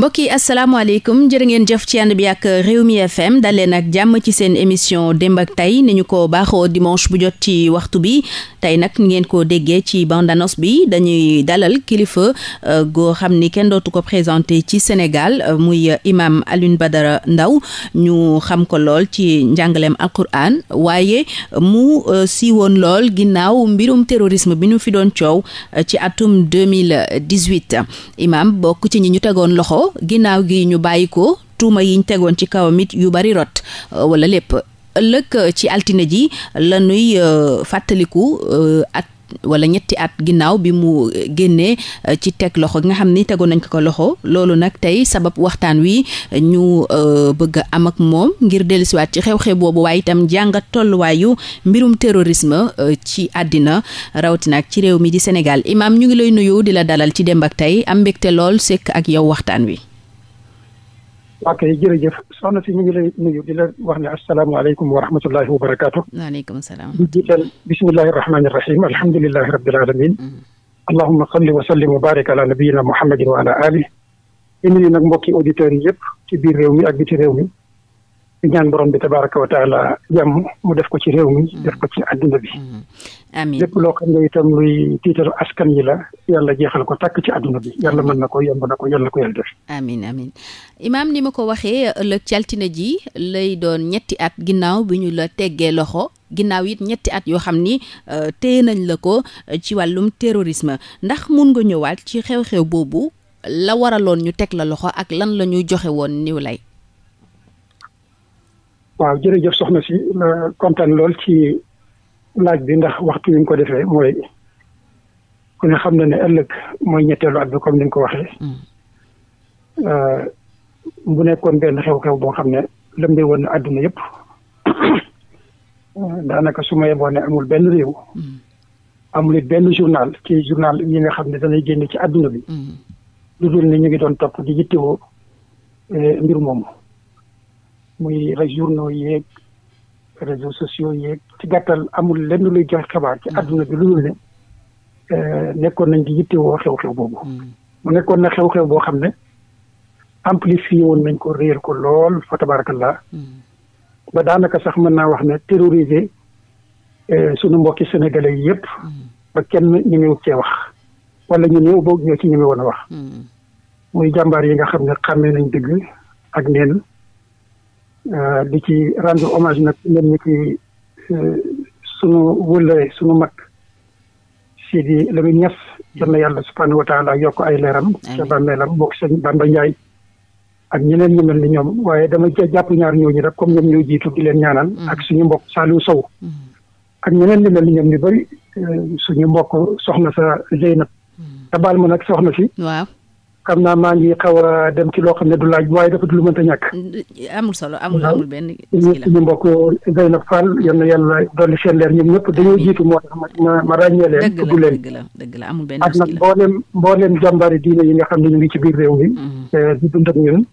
mbokk yi asalaamaaleykum jërë ngeen jëf ci ànd bi ak Rewmi FM dal leen ak jàmm ci seen émission démb ak tay ni ñu ko baaxoo dimanche bu jot ci waxtu bi tey nag ngeen ko déggee ci bande annonce bi dañuy dalal kilifa uh, goo xam ni kenn dootu ko présenté ci Sénégal uh, muy imam Alioune Badara ndaw ñu xam ko lool ci njàngaleem Alquran waaye euh, mu uh, siiwoon lool ginnaaw mbirum terrorisme bi ñu fi doon coow euh, ci atum 2018 imam bokk ci ñi ñu tegoon loxo. ginnaaw gi ñu bàyyi ko tuuma yiñ tegoon ci kawam it yu bari rot euh, wala lépp ëllëg euh, ci altine ji la nuy euh, fàttaliku at wala ñetti at ginnaaw bi mu génnee euh, ci teg loxo gi nga xam ni tegoon nañ ko ko loxo loolu nag tey sabab waxtaan wi ñu euh, bëgg am ak moom ngir dellusiwaat ci xew-xew boobu waaye itam jàngat tolluwaayu mbirum terrorisme euh, ci àddina rawatina ci réew mi di Sénégal imaam ñu ngi lay nuyu di la dalal ci dem ak tey am mbégte lool sekk ak yow waxtaan wi waa kay jërëjëf soxna si ñu ngi lay nuyu di la wax ne asalaamaaleykum wa rahmatullahi wa barakaatu. waaleykum salaam. di jiital bismillahi rahmaani rahim alhamdulilahi rabbil alamin. Mm-hmm. allahumma salli wa sallim wa barik ala nabiyina muhammadin wa ala alihi. di nuyu nag mbokki auditeurs yi yëpp ci biir réew mi ak biti réew mi. ñaan borom bi tabaraka wa taala mu def ko ci réew mi def ko ci àdduna bi mm-hmm. mm-hmm. amiin lépp loo xam ne itam luy tiitalu askan yi la yàlla jeexal ko takk ci àdduna bi yàlla mën na ko yomb na ko yàlla na ko yàlla def amiin amiin imaam ni ma ko waxee ëllëg caltina ji lay doon ñetti at ginnaaw bi ñu la teggee loxo ginnaaw it ñetti at yoo xam ni euh, téye nañ la ko euh, ci wàllum terrorisme ndax mun nga ñëwaat ci xew-xew boobu la waraloon ñu teg la loxo ak lan la ñuy joxe woon niw lay waaw jërëjëf soxna si kontaan lool ci laaj bi ndax waxtu wi nga ko defee mooy ku ne xam ne ne ëllëg mooy ñetteelu at bi comme ni nga ko waxee. bu mm. euh, nekkoon benn xew-xew boo xam ne lëmbee woon na àdduna yëpp euh, daanaka su ma yeboo ne amul benn réew. Mm. amul it benn journal ci journal yi nga xam ne danay génn ci àdduna bi. Mm. lu dul ne ñu ngi doon topp di yittewoo euh, mbir moomu. muy journaux yeeg réseaux sociaux yeeg ci gàttal amul lenn luy joxe xibaar ci mm. àdduna bi lu dul ne euh, nekkoon nañ di yittewoo xew-xew boobu. Mm. mu nekkoon na xew-xew boo xam ne amplifié woon nañ ko réer ko lool fa la mm. ba daanaka sax mën naa wax ne terroriser euh, sunu mbokki sénégalais yi yëpp. ba kenn ñemewu cee wax. wala ñu néew boog ñoo ci a wax. muy jàmbaar yi nga xam ne xàmmee nañ dëgg ak neen Euh, di ci rendre hommage nag ñen ñi ci euh, suñu wëllëre sunu mag Sidi Lamine Niass yal na yàlla subhanahu wa yokk ay leeram sa bàmmeelam bokk sëñ Bamba Ndiaye ak ñeneen ñu mel ni ñoom waaye dama jàpp ñaar ñooñu rek comme ñoom ñu jiitu di leen ñaanal mm. ak suñu mbokk Saliou Sow mm. ak ñeneen ñu mel ni ñoom ñu bëri euh, suñu mbokk soxna sa Zeynab mm. tabaal ma nag soxna si xam naa maa ngi xaw a dem ci loo xam ne du laaj waaye dafa du lu mënta ñàkk. amul solo amul amul benn. ñu mbokk Zeynab Fall yal na yàlla dolli seen leer ñoom ñëpp dañoo jiitu moo tax ma ma ràññee leen. dëgg la dëgg la dëgg la ak nag mboolem mboolem jàmbaari diine yi nga xam ne ñu ngi ci biir réew mi. Mm-hmm. Eh, di dund ak ñun.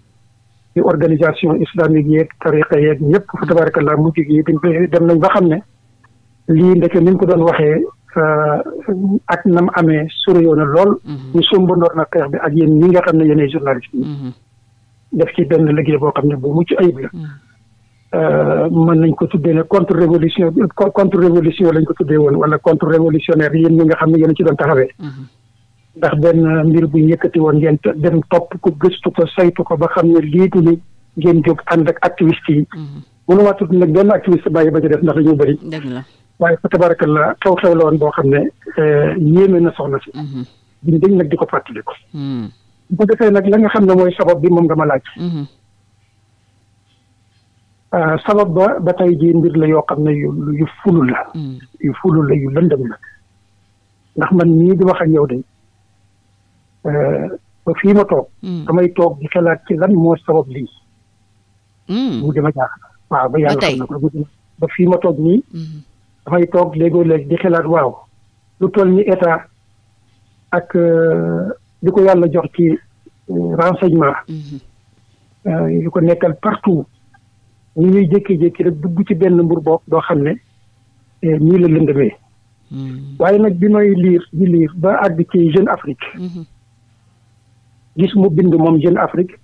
ci organisation islamique yeeg tariqa yeeg ñëpp fa tabarakallah mujj gi dem nañ ba xam ne lii ndeke ni ko doon waxe Euh, ak nam amee soriwoon na lool. Mhm. ñu sumbandoor na xeex bi ak yéen ñi nga xam ne yéenay journaliste yi. Mhm. def ci benn liggéey boo xam ne bu mucc ayib la. man mhm. euh, nañ ko tuddee ne contre révolution contre révolution lañ ko tuddee woon wala contre révolutionnaire yéen ñi nga xam ne yéen ci doon taxawee. ndax benn mbir bu yëkkati woon ngeen dem topp ko gëstu ko saytu ko ba xam ne lii ni ngeen jóg ànd ak activiste yi. mënuma tudd nag benn activiste bàyyi ba ci def ndax bari dañoo bëri. waaye fa tabarakallah xew-xew la boo xam ne euh, yéeme na soxla si. Mm-hmm. duñ dañ nag di ko fàttali ko. Mm. bu ko defee nag la nga xam ne mooy sabab bi moom nga ma laaj. Mm-hmm. Euh, sabab ba ba tey jii mbir la yoo xam ne yu yu fulul la. Mm. yu fulul la yu lëndëm la ndax man nii di wax ak yow de euh, ba fii ma toog. Mm. damay toog di xalaat ci lan moo sabab lii. mu dama jaaxal waaw ba yàlla xam na ko ba fii ma toog nii. Mm-hmm. dafay toog léegoo léeg di xelaat waaw lu toll ni état ak euh, li ko yàlla jox ci euh, renseignement mhm. euh, yu ko nekkal partout ñu ñuy jékki-jékki rek dugg ci benn mbur boo doo xam ne nii la lëndëmee mhm. waaye nag bi may liir di liir ba àgg ci Jeune Afrique mhm. gis mu bind moom Jeune Afrique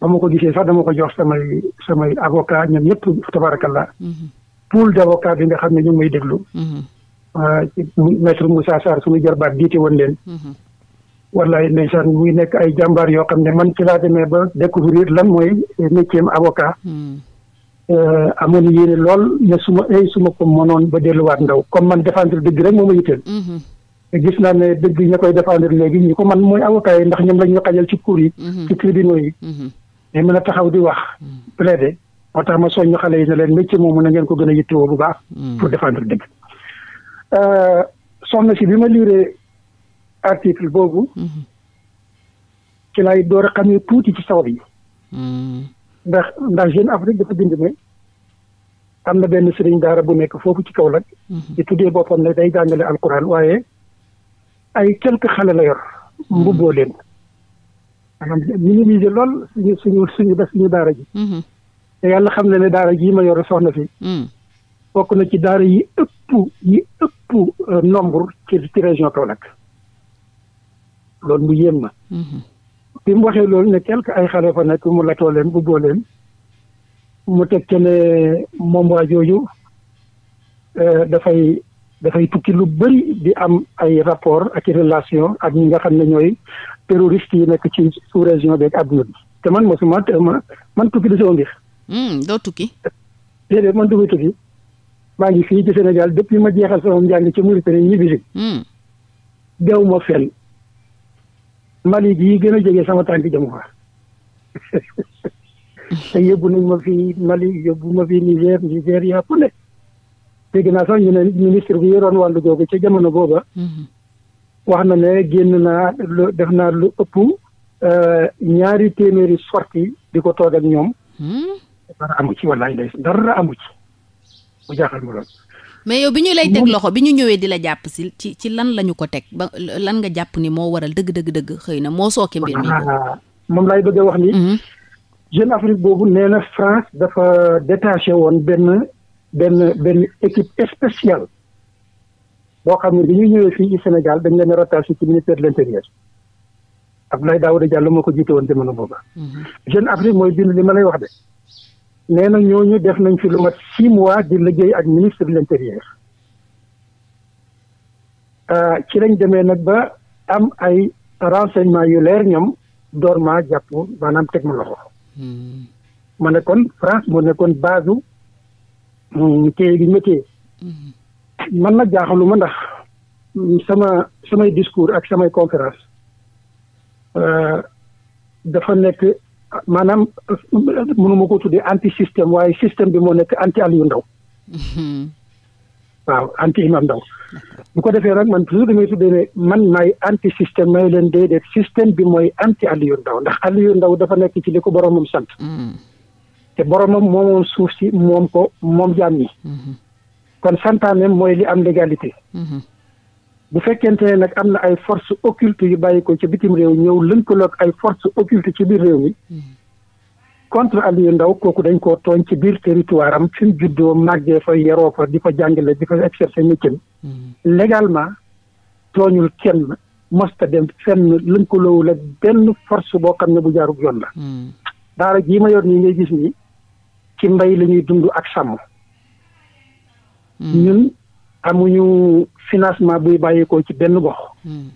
ba ma ko gisee sax dama ko jox samay samay avocat ñoom ñëpp tabarakallah pool d' avocat bi nga xam ne ñu ngi may déglu. Mm-hmm. Ah, maître Moussa Sarr suñu jarbaat jiite woon leen. Mm-hmm. wallaay ndeysaan muy nekk ay jàmbaar yoo xam ne man ci laa demee ba découvrir lan mooy métier avocat. Mm-hmm. Ah, amoon yéene lool ne su ma ay eh, su ma ko mënoon ba delluwaat ndaw comme man défendre dëgg rek moo ma yitteel. gis naa ne dëgg ña koy défendre léegi ñu ko man mooy avocat yi ndax ñoom la ñu xajal ci cour yi. ci tribunaux yi. mais a taxaw di wax plaider. moo tax ma soññu xale yi ne leen métier moomu na ngeen ko gën a yittewoo bu baax. Hmm. pour défendre dëgg. Euh, soxna si bi ma liiree article boobu. Hmm. ci laay door a xamee tuuti ci sabab yi. Hmm. ndax ndax Jeune Afrique dafa bind ne am na benn sëriñ daara bu nekk foofu ci kaw Kaolack. di tuddee boppam ne day jàngale alquran waaye ay quelque xale la yor mbubboo leen. maanaam minimiser lool suñu suñu suñu suñu daara ji. te yàlla xam ne ne daara jii ma yor soxna fi. Hmm. bokk na ci daara yi ëpp yi ëpp euh, nombre ci ci région Kaolack loolu mu yéem ma. fi hmm. mu waxee loolu ne quelque ay xale fa nekk mu latoo leen bu boo leen mu teg ca ne moom waa jooju euh, dafay dafay tukki lu bëri di am ay rapport ak relation ak ñi nga xam ne ñooy terroriste yi nekk ci sous région beeg àdduna bi te man mosuma man tukki du si mbir Hmm, doo tukki. déedéet man du ma tukki maa ngi fii ci Sénégal depuis ma jeexal sama njàng ci Mauritanie ñibbi si. Hmm. dew ma Mali gi gën a jege sama tànk jëm quoi te yóbbu nañ ma fi Mali yóbbu ma naa sax ñu ne ministre bi yoroon wàllu googu ca jamono booba. Hmm. wax na ne génn naa lu def naa lu ëpp euh, ñaari téeméeri sorti di ko toog ñoom. dara amu ci wallaay ndey dara amu ci mu jaaxal ma lool. mais yow bi ñu lay teg loxo bi ñu ñëwee di la jàpp si ci ci lan lañu ko teg ba lan nga jàpp ni moo waral dëgg dëgg dëgg xëy na moo sooke mbir mi. Ah, moom laay bëgg a wax ni. Mm-hmm. Jeune Afrique boobu nee na dafa détaché woon benn benn benn équipe spéciale xam ne bi ñu ñëwee fii ci Sénégal dañ leen rattaché ci ministère de l'intérieur Abdoulaye Daouda Diallo moo ko jiite woon jamono booba. Mm-hmm. Jeune Afrique mooy bind li ma lay wax de. nee na ñooñu def nañ fi lu mat six mois di liggéey ak ministre de l'intérieur euh, ci lañ demee nag ba am ay renseignement yu leer ñoom door maa jàpp maanaam teg ma loxo hmm. ma ne kon France moo nekkoon base u téye gi ñu ma téye man nag ma ndax sama samay discours ak samay conférence euh, dafa nekk maanaam mënuma ko tuddee anti système waaye système bi moo nekk anti Aliou Ndao hmm. waaw anti Imam Ndao bu ko defee nag man toujours damay tuddee ne man maay anti système may leen déedéet système bi mooy anti Aliou Ndao ndax yu ndaw dafa nekk ci li ko boromam sant hmm. te boromam moomoom suuf si moom ko moom jaan ñi hmm. kon santaane mooy li am légalité bu fekkente ne nag am na ay force occulte yu bàyyi ko ci bitim réew ñëw lënkaloog ay force occulte ci biir réew mi contre Aliou ndaw kooku dañ koo tooñ ci biir territoire am fi mu juddoo màggee fa yaroo fa di fa jàngale di fa exercer métier légalement tooñul kenn mosta dem fenn lënkaloowul ak benn force boo xam ne bu jaarul yoon la daara jii ma yor nii ngay gis nii ci mbay lañuy dund ak sàmm ñun amuñu financement buy bàyyeekoo ci benn gox. Hmm.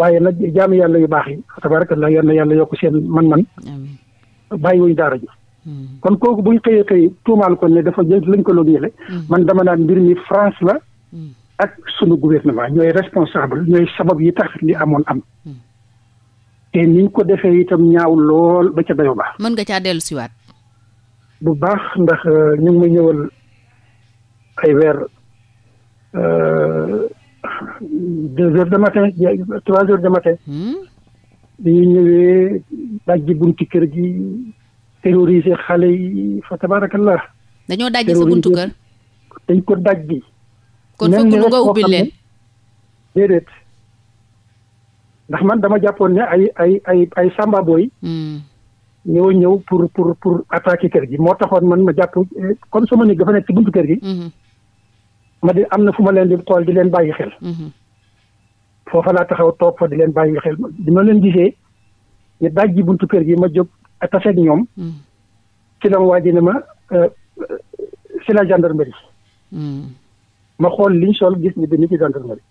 waaye nag jaam yàlla yu baax yi tabarakallah yal na yàlla yokk seen man-man. bàyyiwuñ daara ji. Hmm. kon kooku buñ xëyee xëy tuumaal ko ne dafa jël lañ ko loolu yële. Hmm. man dama naan mbir mi France la. ak sunu gouvernement ñooy responsable ñooy sabab yi tax li amoon am. te niñ ko defee itam ñaaw lool ba ca dayoo baax. mën nga caa dellu siwaat bu baax ndax euh, ñu ngi ma ñëwal ay weer euh, deux heures de matin trois heures de matin. dañuy hmm? ñëwee dajji bunti kër gi terroriser xale yi fa tabarakallah. dañoo dajji sa buntu kër. dañ ko dajji. kon fekk lu nga ubbi leen déedéet ndax man dama jàppoon ne ay ay ay ay samba booy. Hmm. ñoo ñëw pour pour pour attaquer kër gi moo taxoon man ma jàpp eh, comme sama néeg dafa nekk ci buntu kër gi. Hmm. ma di am na fu ma leen di xool di leen bàyyi xel. Mhm. foofa laa taxaw toog fa di leen bàyyi xel di ma leen gisee ñu dajji buntu kër gi ma jóg taseeg ñoom. Mhm. ci la ma waaj euh, euh, ne mhm. ma xool liñ sol gis ni dañu ci gendarmerie.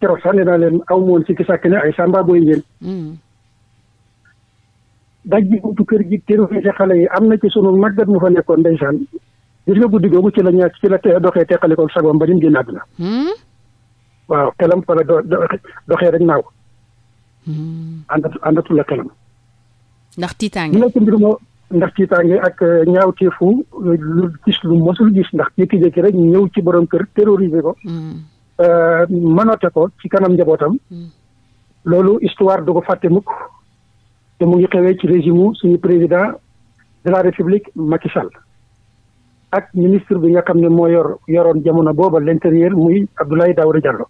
keroog sax nee naa leen aw moon si ki sàkk ne ay sàmba booy ngeen. dajji buntu kër gi terrorisé xale yi am na ci sunu màggat mu fa nekkoon ndeysaan gis nga guddi googu ci la ñu ci la doxee teqalikoo sagoom ba nim génn na hmm? waaw xelam fa la doxee rek naaw hmm. àndatu àndatu la xelam ndax tiitaange la ci mbir ak euh, ñaaw teefu euh, lu gis lu mosul gis ndax ki jékki rek ñëw ci borom kër terrorisé ko mënoote hmm. euh, ko ci kanam njabootam loolu histoire du ko fàtte mukk te mu ngi xewee ci régime suñu président de la république Macky ak ministre bi nga xam ne moo yor yoroon jamono booba l'intérieur muy Abdoulaye Daouda Diallo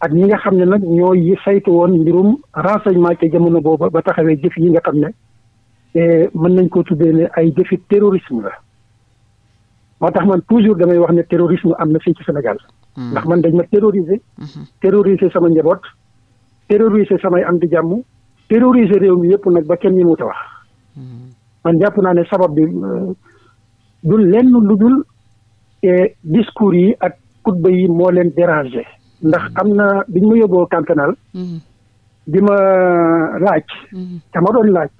ak ñi nga xam ne nag ñoo saytu woon mbirum renseignement ca jamono booba ba taxawee jëf yi nga xam ne eh, mën nañ ko tuddee ne ay jëfi terrorisme la moo tax man toujours damay wax ne terrorisme am na fii ci Sénégal hmm. ndax man dañ ma terroriser hmm. terroriser sama njaboot terroriser samay am di jàmm terroriser réew mi yëpp nag ba kenn ñi mu ta wax hmm. man jàpp naa ne sabab bi euh, du lenn lu dul eh, discours yi ak kutba yi moo leen déranger ndax am na biñ ma yóbboo cantonal di mhm. ma laaj dama mhm. doon laaj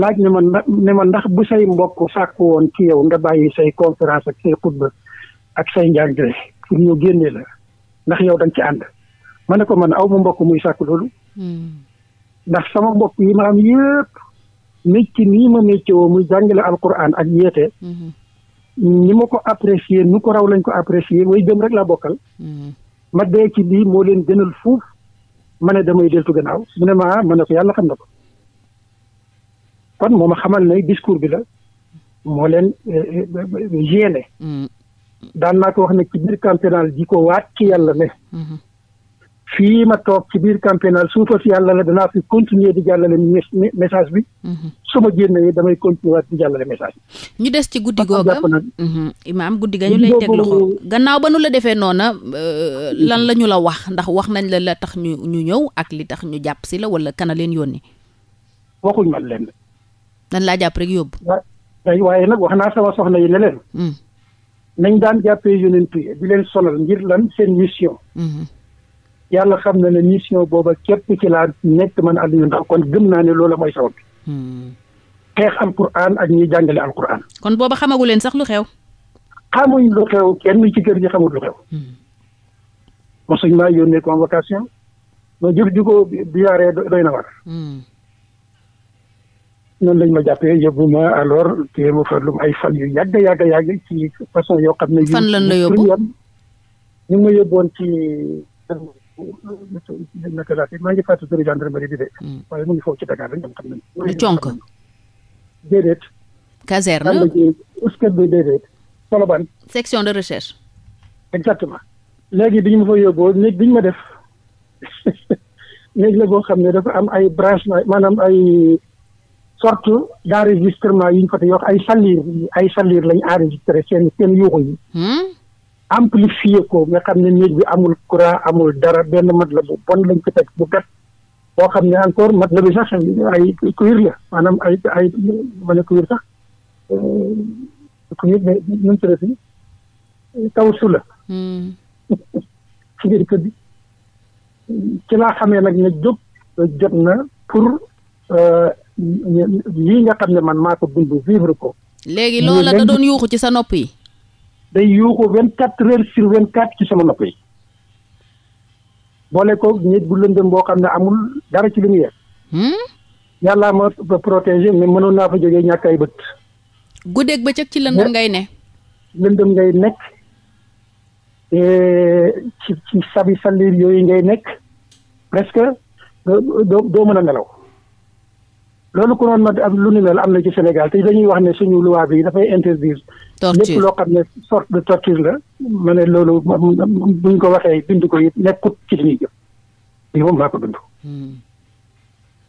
laaj ne ma ne ma ndax bu say mbokk sàkk woon ci yow nga bàyyi say conférence ak say xutba ak say njàngale pour génne la ndax yow dañ ci ànd ma ne ko man aw ma mbokk muy sàkk loolu mhm. ndax sama mbokk yi ma am yëpp métti nii ma métti woo muy jàngale alquran ak yéete ni ma ko apprécier nu ko raw lañ ko apprécier way jëm rek laa bokkal. Hmm. ma dee ci lii moo leen gënal fuuf mën ne damay deltu gannaaw mu ne maa ah, ma ne ko yàlla xam na ko kon moom xamal ne discours bi la moo leen eh, eh, génne. Hmm. daan naa ko wax ne ci biir campagnat ji ko waat ci yàlla ne. Hmm. fii ma toog ci biir campénal su ma fi yàlla la danaa fi continuer di jàllale message bi. Mhm. su ma génnee damay continuer di jàllale message bi. ñu des ci guddi googa mhm. imaam guddi ga gannaaw ba nu la defee noona euh, lan la ñu la wax ndax wax nañ la la tax ñu ñu ñëw ak li tax ñu jàpp si la wala kana leen yónni. waxuñ ma leen. nan laa jàpp rek yóbbu. waaye nag wax naa sama soxna yi ne leen. Mhm. nañ daan jàppee yonent yi di leen solal ngir lan seen mission. yàlla xam na ne mission booba képp ci laa nekk man Aliou Ndao kon gëm naa ne loola mooy sabab bi hmm. xeex alquran ak ñiy jàngale alquran kon booba xamagu leen sax lu xew xamuñ lu xew kenn ci kër gi xamul lu xew hmm. mosuñ maa ma jëf ju ko biyaaree doy na war hmm. noonu lañ ma jàppee ma alors téye ma fa ay fan yu yàgg yàgg yàgg ci façon yoo xam ne. fan lan la yóbbu ñu ngi ma yóbboon ci. naka laa maa ngi fàttali turu gendarmerie bi de. waaye mu ngi foofu ci Dakar rek ñoom xam nañu. du déedéet. caserne na ci uskat bi section de recherche. exactement. léegi bi ñu ma fa yóbboo néeg bi ñu ma def néeg la boo xam ne dafa am ay branchement maanaam ay sorte d'enregistrement yu ñu fa te yoo ay salir ay salir lañ enregistré seen seen yuuxu amplifier ko nga xam ne néeg bi amul courant amul dara benn mat la bu bon lañ ko teg bu gat boo xam ne encore mat la bi sax ay cuir la maanaam ay ay mën a cuir sax euh, cuir la hmm. ci biir kër bi laa xamee nag ne jóg jot na pour euh, lii nga xam ne man maa ko dund vivre ko léegi loola da doon yuuxu ci sa nopp yi day yuuxu vingt quatre heures sur vingt quatre ci sama nopp yi boole nit bu lëndëm boo xam ne amul dara ci lumière. Hmm? yàllaa ma protéger protégé mënoon naa fa jógee ñàkk ay bët. guddeeg bëccëg ci lëndëm ngay ne. lëndëm ngay nekk ci ci sabi salir yi ngay nekk presque doo doo mën a nelaw loolu ko noonu ma lu ni mel am na ci Sénégal te dañuy wax ne suñu loi bi dafay interdire torture lépp loo xam ne sorte de torture la. ma ne loolu buñ ko waxee bind ko it nekkut ci li ñuy jëf lii moom maa ko dund. Hmm.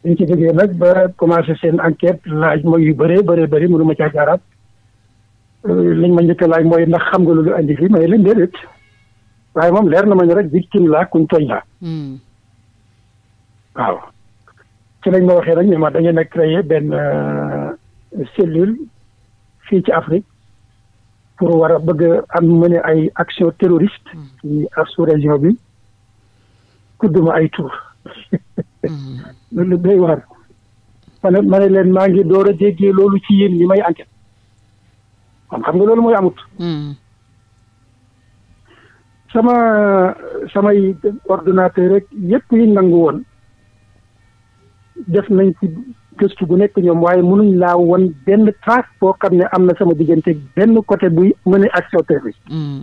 dañ ci déggee nag ba commencé seen enquête laaj mooy yu bëree bëree bëri mënu ma caa jaaraat euh, liñ ma njëkk laaj mooy ndax xam nga loolu andi fi may leen déedéet waaye moom leer na ma ne rek victime laa kuñ tooñ laa. Hmm. waaw ci lañ ma waxee nag ne ma dañu nekk créé benn euh, cellule fii ci Afrique. pour war a bëgg am mën ay action terroriste mm. ci ab sous région bi ma ay tur mm. loolu day war ma ne leen maa ngi door a déggee loolu ci yéen ñi may enquête xam nga loolu mooy amut mm. sama samay ordinateur rek yëpp yi nangu woon def nañ ci gëstu gu nekk ñoom waaye mënuñ laa won benn trace boo xam ne am na sama diggante benn coté buy mën a action terroriste mm.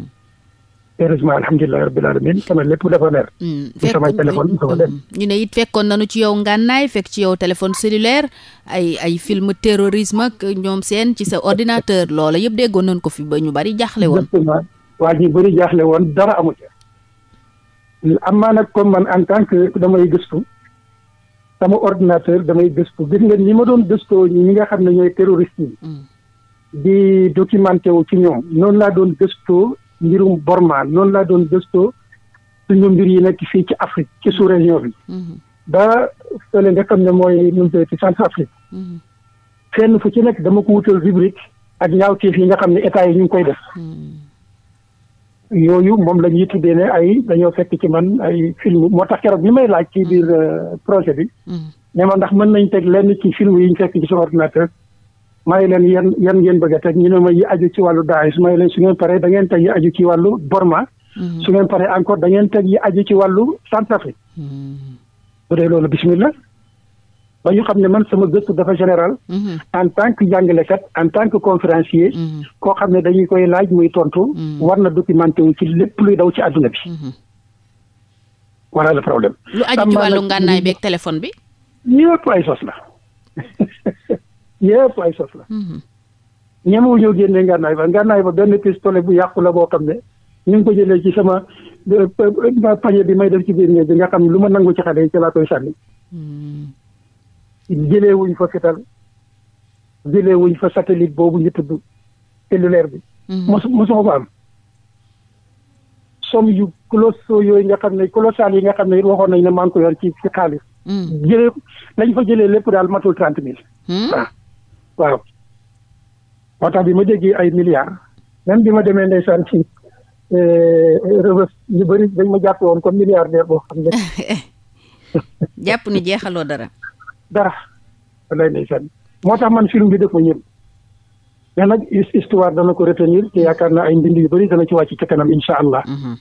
heureusement alhamdulilah rabbil alamin sama lépp dafa leer. Mm. Mm. ñu ne it fekkoon nañu ci yow ngànnaay fekk ci yaw téléphone cellulaire ay ay film terrorisme ak ñoom seen ci sa ordinateur loola yëpp déggoon nañ ko fi ba ñu bari jaaxle woon. ñu bari woon dara amu ca. am naa nag comme man en tant que damay gëstu. sama ordinateur damay gëstu gis ngeen ñi ma doon gëstoo ñi nga xam ne ñooy terroriste yi. Mm. di ci ñoom noonu laa doon gëstoo mbirum Borma noonu laa doon gëstoo suñu mbir yi nekk fii ci Afrique ci sous région bi. Mm-hmm. ba fële nga xam ne mooy nu mu tuddati Centrafrique. Mm-hmm. fenn fu ci nekk dama ko wutal rubrique ak ñaawteef yi nga xam ne état yi ñu ngi koy def. Mm. yooyu moom lañuy ñuy tuddee ne ay dañoo fekk ci man ay film moo tax keroog bi may laaj ci biir euh, projet bi. Mm. ne ma ndax mën nañ teg lenn ci film yi ñu fekk ci sa ordinateur. may leen yan yan ngeen bëgg teg ñu ne may yi aju ci wàllu Daesh may leen su ngeen paree dangeen ngeen teg yi aju ci wàllu Burma. Mm. su ngeen paree encore da ngeen teg yi aju ci wàllu Centrafrique. Mm. bu dee loolu bismillah ba ñu xam ne man sama gëstu dafa général mhm. en tant que jàngalekat en tant que conférencier mhm. koo xam ne dañuy koy laaj muy tontu mhm. war na documenté wu ci lépp luy daw ci àdduna bi voilà le problème lu aju ci wàllu ngànnaay beeg bi yëpp ay sos la yëpp ay sos la ñemewu ñoo génne ngànnaay ba ngànnaay ba benn pistolet bu yàqu la boo xam ne ñu ngi ko jëlee ci sama euh, euh, euh, pañe bi may def ci biir bi nga xam ne lu ma nangu ci xale yi ci laa koy sànni jëlee wuñ fa fital jëlee wuñ fa satellite boobu ñu tudd cellulaire bi. Mhm. mos mosuma ko am. somme yu colossaux yooyu nga xam ne colossal yi nga xam ne waxoon nañ ne maa ngi ci ci xaalis. Mhm. jëlee lañ fa jëlee lépp daal matul trente mille. Hmm? Ah. waaw moo tax bi ma déggee ay milliards même bi ma demee ndeysaan ci euh, rëbës ñu bëri dañ ma jàpp woon comme milliardaire boo xam ne. jàpp ni jeexaloo dara. dara lay ndeysaan moo tax man film bi def ma ñëpp mais nag histoire dana ko retenir te yaakaar naa ay mbind yu bëri dana ci wàcc ca kanam incha allah. Mm-hmm.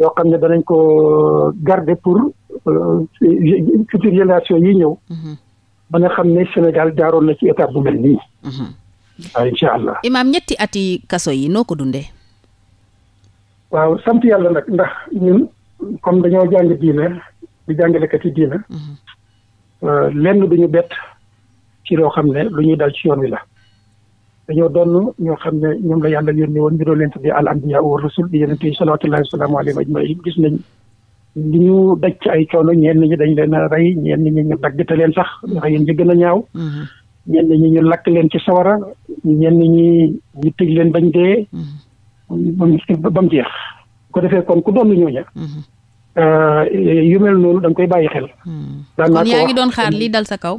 yoo xam ne danañ ko euh, garder pour euh, future génération yi ñëw. Mm-hmm. ba nga xam ne Sénégal jaaroon na ci étape bu mel nii. Mm-hmm. waaw incha allah. imaam ñetti ati kaso yi noo ko dundee. waaw sant yàlla nag ndax ñun comme dañoo jàng diine di jàngalekat yi diine. Euh, lenn duñu bett ci loo xam ne lu ñuy dal ci yoon wi la dañoo doon ñoo xam ne ñoom la yàlla yónni woon ñu doon leen tuddee al anbiya wa rasul di yonente yi salawaatullahi wa salaamu alayhim ajmaïn gis nañ ñu daj ci ay coono ñenn ñi dañ leen a rey ñenn ñi ñu dagg te leen sax reyin ji gën a ñaaw mm-hmm. ñenn ñi ñu lakk leen ci sawara ñenn ñi ñu tëj leen bañ dee mm-hmm. ba mu jeex ko defee kon ku doon ñooña mm-hmm. Euh, yu mel noonu dañ koy bàyyi xel. daan hmm. naa ko wax lii dal sa kaw.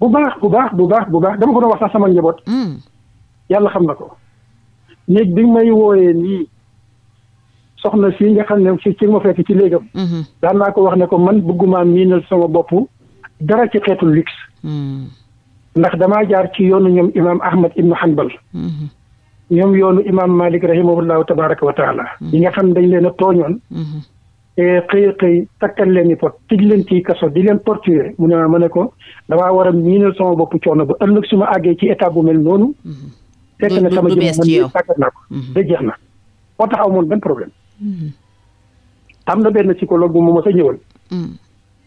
bu baax bu baax bu baax bu baax dama ko doon wax sax sama njaboot. Hmm. yàlla xam na ko. néeg bi may wooyee nii soxna si nga xam ne ci ci ma fekk ci léegam. Hmm. daan naa ko wax ne ko man bëgguma miinal sama bopp dara ci xeetu luxe. ndax damaa jaar ci yoonu ñoom imaam Ahmad ibnu Hanbal. ñoom yoonu imaam Malik rahimahullahu tabaraka wa taala. ñi nga xam ne dañ leen a tooñoon. xëy xëy takkal leen ni pot tij leen ci kaso di leen portier mu ne ma ne ko damaa war a miinal sama bopp coono ba ëllëg su ma àggee ci état bu mel noonu. Mhm. fekk na sama jëm man mii tàggat naa ko. da mhm. na moo tax amoon benn problème. Mhm. am na benn psychologue mu ma mos ñëwal.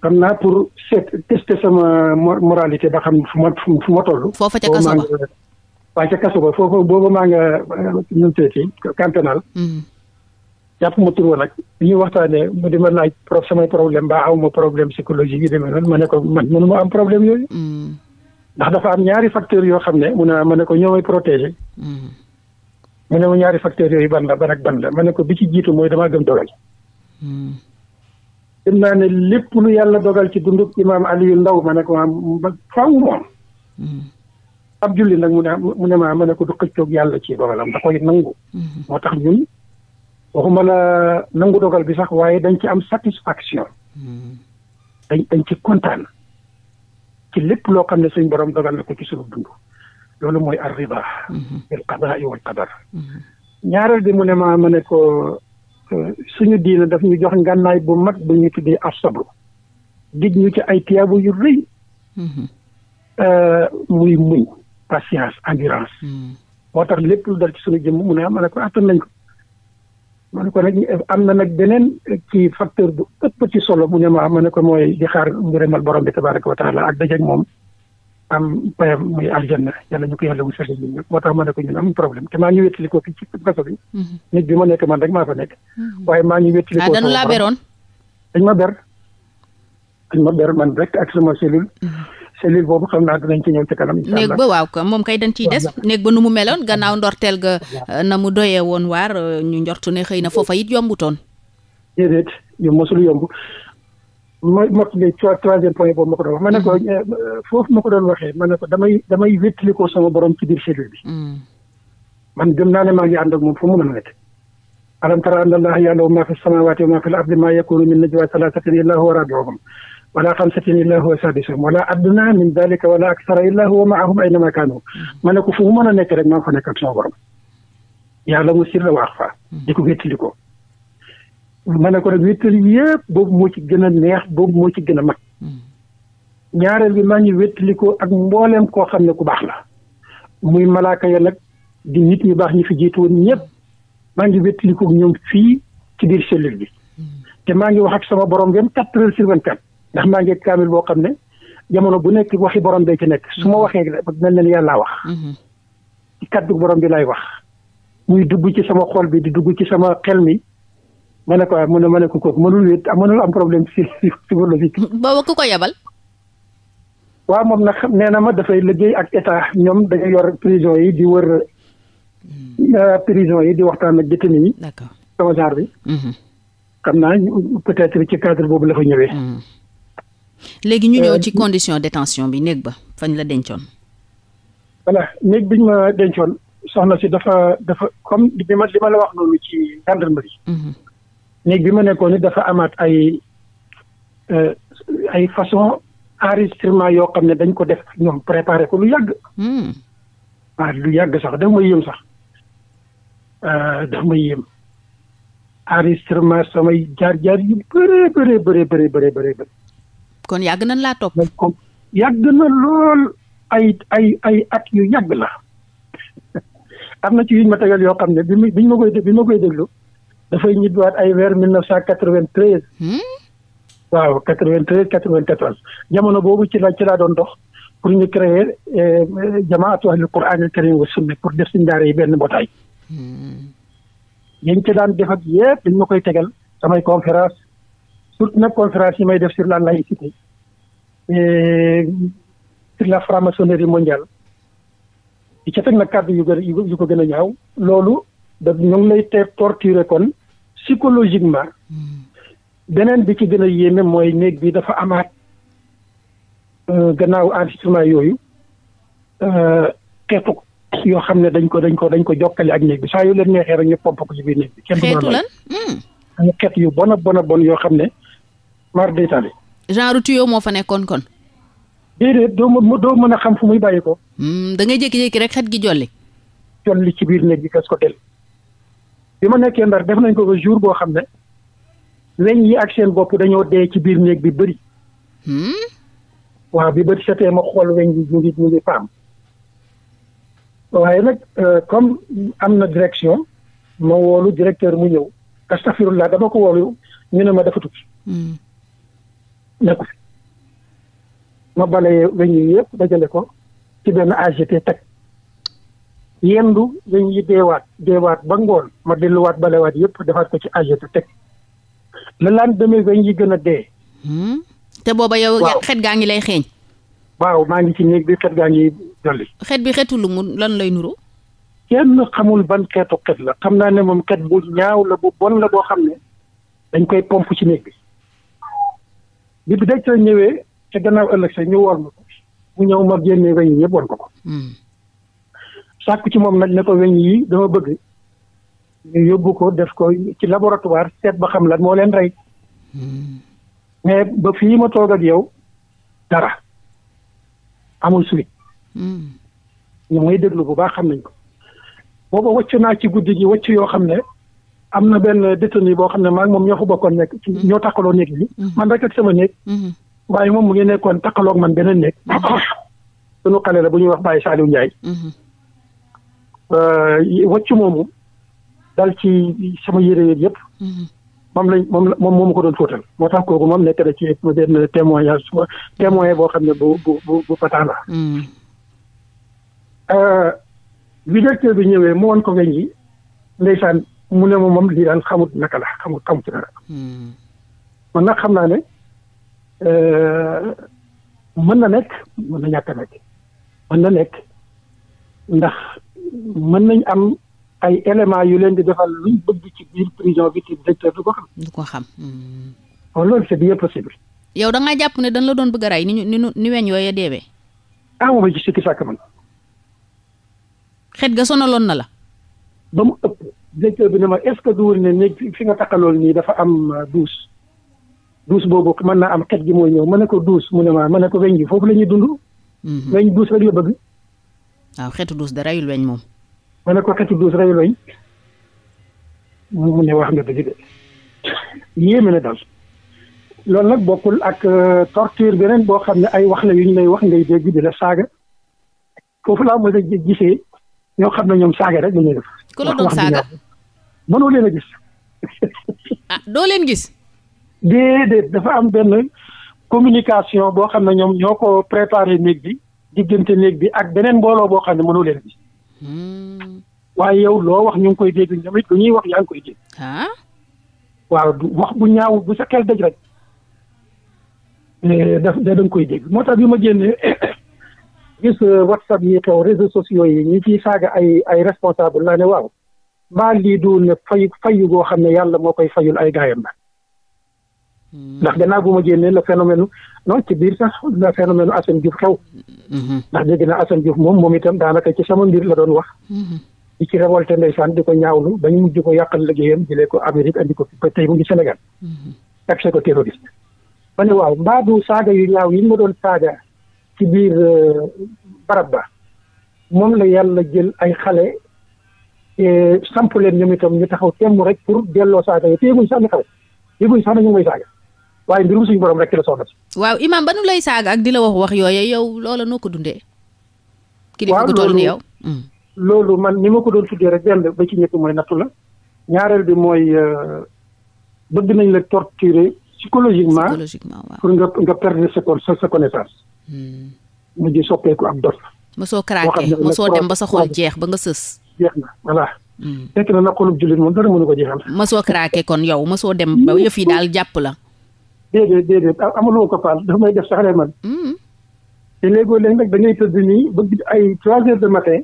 xam naa pour seet tester sama moralité ba xam fu ma fu ma toll. foofa ca kaso ba waaw ca kaso ba foofa booba maa nga ñun seeti jàpp ma tur woon nag bi ñu waxtaanee mu di ma laaj pro samay problème baa aw ma problème psychologique yi demee noonu ma ne ko man mënu ma am problème yooyu. Mm. ndax dafa am ñaari facteur yoo xam ne mu ne ma ne ko ñoo may protégé. mu mm. ma ñaari facteur yooyu ban la ban ak ma ne ko bi ci jiitu mooy damaa gëm dogal. Mm. naa ne lépp lu yàlla dogal ci dundub imaam Aliou Ndaw ma ne ma faaw moom. ab julli nag mu ne mu ne ma ma ne ko du xëccoog yàlla ci dogalam da koy nangu. Mm-hmm. moo tax ñun. waxuma la nangu dogal bi sax waaye dañ ci am satisfaction. dañ dañ ci kontaan ci lépp loo xam ne suñ borom dogal na ko ci suñu dund. loolu mooy arriba bil bi mu ne maa ma ne ko euh, diina daf ñu jox ngànnaay bu mag bu ñu tuddee asabru gij ñu ci ay tiyaabu yu rëy euh, muy muñ patience endurance mm. moo tax lépp lu dal ci suñu jëmm mu ne ma ne ko attan ah, nañ ko ma ne ko nag am na nag beneen ci facteur bu ëpp ci solo mu ne ma ma ne ko mooy di xaar ngërëmal borom bi tabaraka wa taala ak dajeeg moom am payam muy aljanna yàlla ñu ko yàlla wusal ñu ñëpp moo tax ma ne ko ñun am problème te maa ngi wéttali ko fii ci kaso bi mhm. nit bi ma nekk man rek maa fa nekk mhm. waaye maa ngi wéttali ko ah, dañ laa beroon dañ ma ber dañ ma ber man rek ak sama cellule mhm. cellule boobu xam naa dinañ ci ñëw ci kanam. néeg ba waaw ko moom kay dañ ciy des néeg ba nu mu meloon gannaaw ndorteel ga euh, na mu doyee woon waar euh, ñu njortu ne xëy na foofa it yombutoon. déedéet ñu mosul yomb ma ma ne troisième ma ko ne ko mm-hmm. euh, foofu ma ko doon waxee man ne ko damay damay wéttali sama borom ci biir cellule bi. Mm. man gëm naa ne maa ngi ànd ak moom fu a mën a nekk. alam tara anna Allaha ya'lamu ma fi samawati wa ma fil ardi ma yakunu min najwa thalathatin illa huwa rabi'uhum wala xamsatin illa huwa sadisum wala adna min dalika wala aksara illa huwa maahum aynama kaanu ma ne ko fu mu mën a nekk rek maa ngi fa nekk ak sama borom yàlla mu ma ne ko nag wéttali yëpp moo ci gën a neex boobu moo ci gën a mag bi maa ngi wéttali ak mbooleem koo xam ne ku baax la muy malaaka ya nag di ñu baax ñi fi jiitu woon ñëpp maa ngi wéttali ñoom fii ci biir cellule bi mm. te maa ngi wax ak sama borom vingt quatre heures sur vingt ndax maa ngi kaamil boo xam ne jamono bu nekk waxi borom bee ci nekk su ma mhm. waxee mel na ni yàllaa wax mhm. ci kaddu borom bi lay wax muy dugg ci sama xol bi di dugg ci sama xel mi ma ne ko ah ma ne ma ne ko kooku mënul wéet mënul am problème si psychologique. boobu ku ko yebal. waaw moom nag nee na ma dafay liggéey ak état ñoom dañu yor prison yi di wër mhm. euh, prison yi di waxtaan ak détenu yi. d'accord sama genre bi. xam naa peut-être ci cadre boobu la fa ñëwee. léegi ñu ñëw euh, ci condition détention bi néeg ba fañ la dencoon voilà néeg bi ñu ma dencoon soxna si dafa dafa comme bi ma li ma la wax noonu ci gendarmerie mhm. néeg bi ma nekkoon ni dafa amaat ay euh, ay façon enregistrement yoo xam ne dañ ko def ñoom préparé ko lu yàgg waaw hmm. ah, lu yàgg sax daf ma yéem sax euh, daf ma yéem enregistrement samay jaar-jaar yu bëree kon yàgg nañ laa topp. yàgg na lool ay ay at yu yàgg la am na ci yuñ ma tegal yoo xam ne bi ma ma koy bi ma koy déglu dafay ñibbiwaat ay weer mille neuf cent quatre-vingt-treize. Hmm? waaw quatre vingt jamono boobu ci la ci laa doon dox pour ñu créer eh, jamaatu ahlul Qur'an al karim wa sunna pour def suñu daara yi benn mbootaay. Hmm. yañ ci daan def ak yépp dañ ma koy tegal samay conférence surtout nag conférence yi may def sur la laïcité et sur la franc-maçonnerie mondiale di ca teg nag kàddu yu gën yu ko gën a ñaaw loolu da ñu ngi lay te torturer kon psychologiquement beneen bi ci gën a yéeme mooy néeg bi dafa amaat euh, gannaaw enregistrement yooyu euh, xeetu yoo xam ne dañ ko dañ ko dañ ko jokkale ak néeg bi saa yu leen neexee rek ñu pomp ko ci biir néeg bi kenn du xeetu yu bon a bon a bon yoo xam ne mar d' itali. genre tuyau moo fa nekkoon kon. déedéet doo mën doo mën a xam fu muy bàyyi ko. Hmm, da ngay jékki rek xet gi jolli. jolli ci biir néeg bi gas ko del bi ma nekkee ndar def nañ ko ba jour boo xam ne weñ yi ak seen bopp dañoo dee ci biir néeg bi bëri. Hmm? waaw bi bët setee ma xool weñ bi ñu ngi ñu ngi faam. waaye nag euh, comme am na direction ma woolu directeur mu ñëw astafirullah dama ko woolu ñu ne ma dafa tukki. Hmm. nekku fi ma balayee weñ yi yëpp dajale ko ci benn AGT teg yendu weñ yi deewaat deewaat ba ngoon ma delluwaat balewaat yëpp defaat ko ci AGT teg le lendemain weñ yi gën a dee hmm? te booba yow xet gaa ngi lay xeeñ waaw maa ngi ci néeg bi xet gaa ngi dolli xet bi xetu mu lan lay nuru kenn xamul ban xeetu xet la xam naa ne moom xet bu ñaaw la bu bon la boo xam ne dañ koy pomp ci néeg bi bi bi directeur ñëwee ca gannaaw ëllëg sa ñu woor ma mu ñëw ma génnee weñ yi yëpp woon ko ko hmm. sàkku ci moom nag ne ko weñ yi dama bëgg ñu yóbbu ko def ko ci laboratoire seet ba xam lan moo leen rey hmm. mais ba fii ma toog ak yow dara amul suite hmm. ñu may déglu bu baax xam nañ ko booba wàcc naa ci guddi gi wàcc yoo xam ne am na benn détenu boo xam ne maag moom ñoo fa bokkoon nekk ci mhm. ñoo takkaloo néeg bi mhm. man rek ak sama néeg mhm. waaye moom mu ngi nekkoon takkaloog man beneen néeg suñu xale la bu ñuy wax Baye Saliou Ndiaye euh, wàcc moomu dal ci sama yére yépp yëpp moom lañ moom moom moomu ko doon fóotal moo tax kooku moom nekk na ci benn témoignage témoin boo xam ne bu bu bu bu fataan euh, bi directeur bi ñëwee mu woon ko weñ ndeysaan mu ne ma moom lii daal xamut naka la xamut xamut dara. Hmm. man nag xam naa ne euh, mën na nekk mën na ñàkk a nekk ndax mën nañ am ay éléments yu leen di defal luñ bëgg ci biir prison bi ci directeur du ko xam. du ko xam. waaw hmm. oh, loolu c'est bien possible. yow da ngaa jàpp ne dañ la doon bëgg a rey ni ñu ni ñu ni weñ yooya deewee. ah moom ci sikki sàkk man. xet ga sonaloon na la. ba mu ëpp. directeur bi ne ma est-ce que duwul ne néeg fi nga takkalool nii dafa am euh, douche douche boobu mën naa am xet gi mooy ñëw mën na ko douche mu ne ma mën na ko weñ gi foofu la ñuy dund. Mhm. weñ douche rek la bëgg. waaw xetu moom. mën na ko xetu douche rayul weñ mu ne wax nga dëgg de yéeme na daal loolu nag bokkul ak euh, torture beneen boo xam ne ay wax la yu ñu lay wax ngay dégg di la saaga foofu laa mën a gisee ñoo xam ne ñoom saaga rek la def. ku la doon saaga mënoo leen a gis. ah doo leen gis. déedéet dafa am benn communication boo xam ne ñoom ñoo ko préparé néeg bi diggante néeg bi ak beneen mbooloo boo xam ne mënoo leen gis. Hmm. waaye yow loo wax ñu ngi koy dégg ñoom it ñuy wax yaa ngi koy dégg. ah. waaw wax bu ñaaw bu sa xel daj rek. Eh, daf da nga koy dégg moo tax bi ma génnee gis euh, whatsapp yi xew réseaux sociaux yi ñu ciy saaga ay ay responsable laa ne waaw. maa lii du ne fay fayu goo xam ne yàlla moo koy fayul ay gaayam la hmm. ndax gannaaw bu ma génnee la phénomène non ci biir sax la phénomène Assane Diouf xew hmm. ndax dégg naa Assane Diouf moom moom itam daanaka ci sama mbir la doon wax hmm. di ci révolté ndeysaan di ko ñaawlu dañu mujj ko yàqal liggéeyam jëlee ko Amérique andi ko ba tey mu ngi Sénégal ko terroriste ma waaw mbaa du saaga yu ñaaw yi ma doon saaga ci biir euh, barab ba moom la yàlla jël ay xale samp leen ñoom itam ñu taxaw temm rek pour delloo saaga yi te yëguñ sax ni xaw yëguñ sax na ñu ngi may saaga waaye mbirum suñu borom rek ci la soxna si. waaw imaam ba nu lay saaga ak di la wax wax yooyu yow loola noo ko dundee. kilifa gu toll ni yow hmm. loolu man ni ma ko doon tuddee rek benn ba ci ñëpp mooy nattu la ñaareel bi mooy euh, bëgg nañ la torturer psychologiquement pour nga nga perdre sa sa connaissance. Hmm. mu ji soppeeku ab dof. mosoo craqué mosoo dem ba sa xol jeex ba nga sës. jeex na voilà. Hmm. fekk na nag xolub jullit moom dara mënu ko jeexal. ma soo craqué kon yow mosoo dem ba yëf yi daal jàpp la. déedéet déedéet amuloo ko paal daf may def sax man. Hmm. te léegoo léegi nag da tëdd nii bëgg ay trois heures de matin.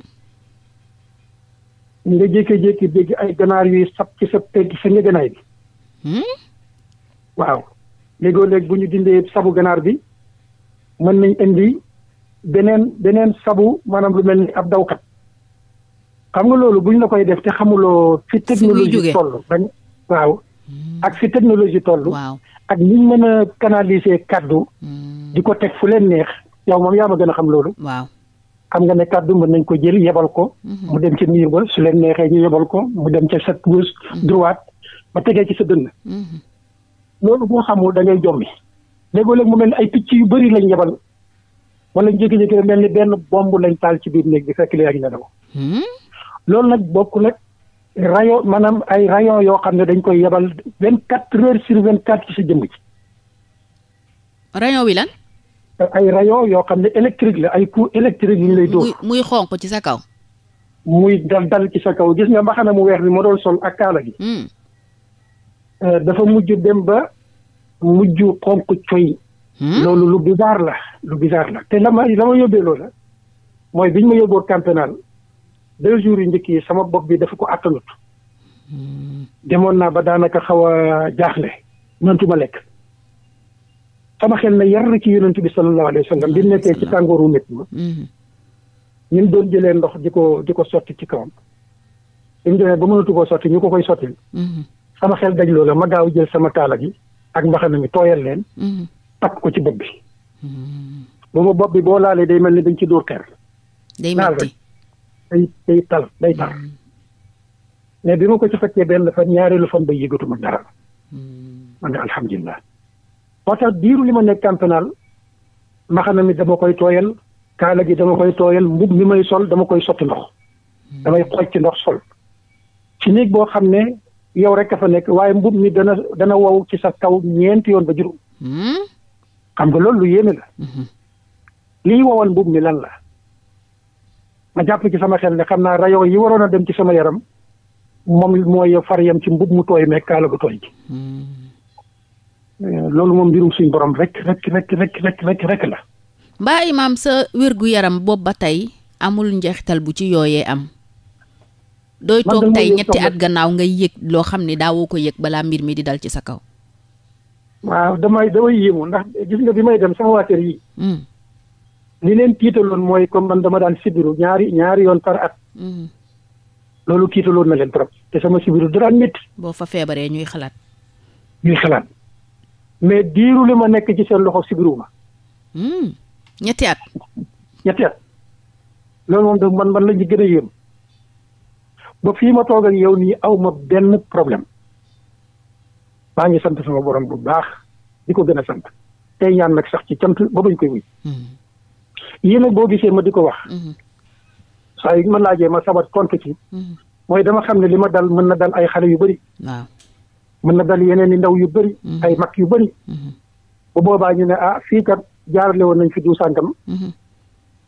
nga jékki-jékki dégg ay ganaar yuy sab ci sa pegg sa njëganaay bi. Hmm? waaw léegoo léeg bu ñu dindee sabu ganaar bi mën nañ indi beneen beneen sabu maanaam lu mel ni ab dawkat. xam nga loolu buñ la koy def te xamuloo fi technologie toll bañ waaw hmm. ak fi technologie toll ak niñ mën a canaliser kàddu hmm. di ko teg fu leen neex yow moom yaa ma gën a xam loolu waaw xam nga ne kàddu mën nañ ko jël yebal ko hmm. mu dem ca miir ba su leen neexee ñu yebal ko mu dem ca sa gauche droite ba tegee ci sa dënn loolu boo xamul da ngay jommi léegoo-léeg mu mel ni ay picc yu bari lañ yebal wala jékki-jékki mel ni benn bomb lañ taal ci biir néeg bi fekk li ak ñu ne loolu nag bokk nag rayo maanaam ay rayon yoo xam ne dañ koy yebal vingt quatre heures sur vingt quatre ci sa jëmm ci rayon wi lan ay rayon yoo xam ne électrique la ay coup électrique yu ñu lay dóor muy xonq ci sa kaw muy dal dal ci sa kaw gis nga mbaxana mu weex bi ma doon sol ak kaala gi hmm. euh, dafa mujj dem ba mujj xonq coy hmm? loolu lu bizarre la lu bizarre la te la ma la ma yóbbee loola mooy biñ ma yóbboo campenal deux jours yu njëkk yi sama bopp bi dafa ko àttanut demoon naa ba daanaka xaw a jaaxle mënatuma lekk sama xel na yar ci yonent bi sallallahu alayhi wa sallam bi nekkee ci tàngooru nit ma mhm. doon jëlee ndox di ko di ko sotti ci kawam suñ demee ba mënatu ñu ko koy sottil mhm. sama xel daj loola ma gaaw jël sama taala ak mbaxana mi tooyal leen mhm. takk ko ci bopp bi booba bopp bi boo laalee day mel ni dañ ci dóor xeer day day tal day tar mm. mais bi ma ko ci fekkee benn fan ñaareelu fan ba yëgatuma dara mm. ma ne alhamdulilah moo tax diiru li ma nekk campenal ma xam ne mi dama koy tooyal kaala gi dama koy tooyal mbubb mi may sol dama koy sotti ndox mm. damay xooj ci ndox sol ci néeg boo xam ne yow rek a fa nekk waaye mbubb mi dana dana wow ci sa kaw ñeenti yoon ba juróom xam nga loolu lu yéeme la mm-hmm. liy wowal mbub mi lan la ma jàpp ci sama xel ne xam naa rayon yi waroon a dem ci sama yaram moom mooy far yam ci mbub mu tooy meeg kaala gu tooy gi hmm. loolu moom mbirum suñ boroom rek rek rek rek rek rek rek la. mbaa imaam sa wérgu yaram boobu ba tey amul njeextal bu ci yooyee am. dooy toog tey ñetti at gannaaw ngay yëg loo xam ne daawoo ko yëg balaa mbir mi di dal ci sa kaw. waaw damay damay yéemu ndax gis nga bi may dem sama waa kër yi. Hmm. li leen tiitaloon mooy comme man dama daan sibiru ñaari ñaari yoon par at. Mm-hmm. loolu tiitaloon na leen trop te sama sibiru daraan métti. boo fa feebaree ñuy xalaat. ñuy xalaat mais diiru li ma nekk ci seen loxo sibiru ma. Mm-hmm. ñetti at. ñetti loolu moom daf man man la ñu gën a yéem ba fii ma toog ak yow nii aw ma benn problème maa ngi sant sama borom bu baax di ko gën a sant tey ñaan nag sax ci cant ba bañ koy wuy mm-hmm. yii nag boo gisee ma di ko wax. Mhm. saa yu ma laajee ma sabat compte ci. Mhm. mooy dama xam ne li ma dal mën na dal ay xale yu bari mën na dal yeneen yi ndaw yu bari mhm. ay mag yu bari bu boobaa ñu ne ah fii kat jaarale woon nañ fi du sàngam.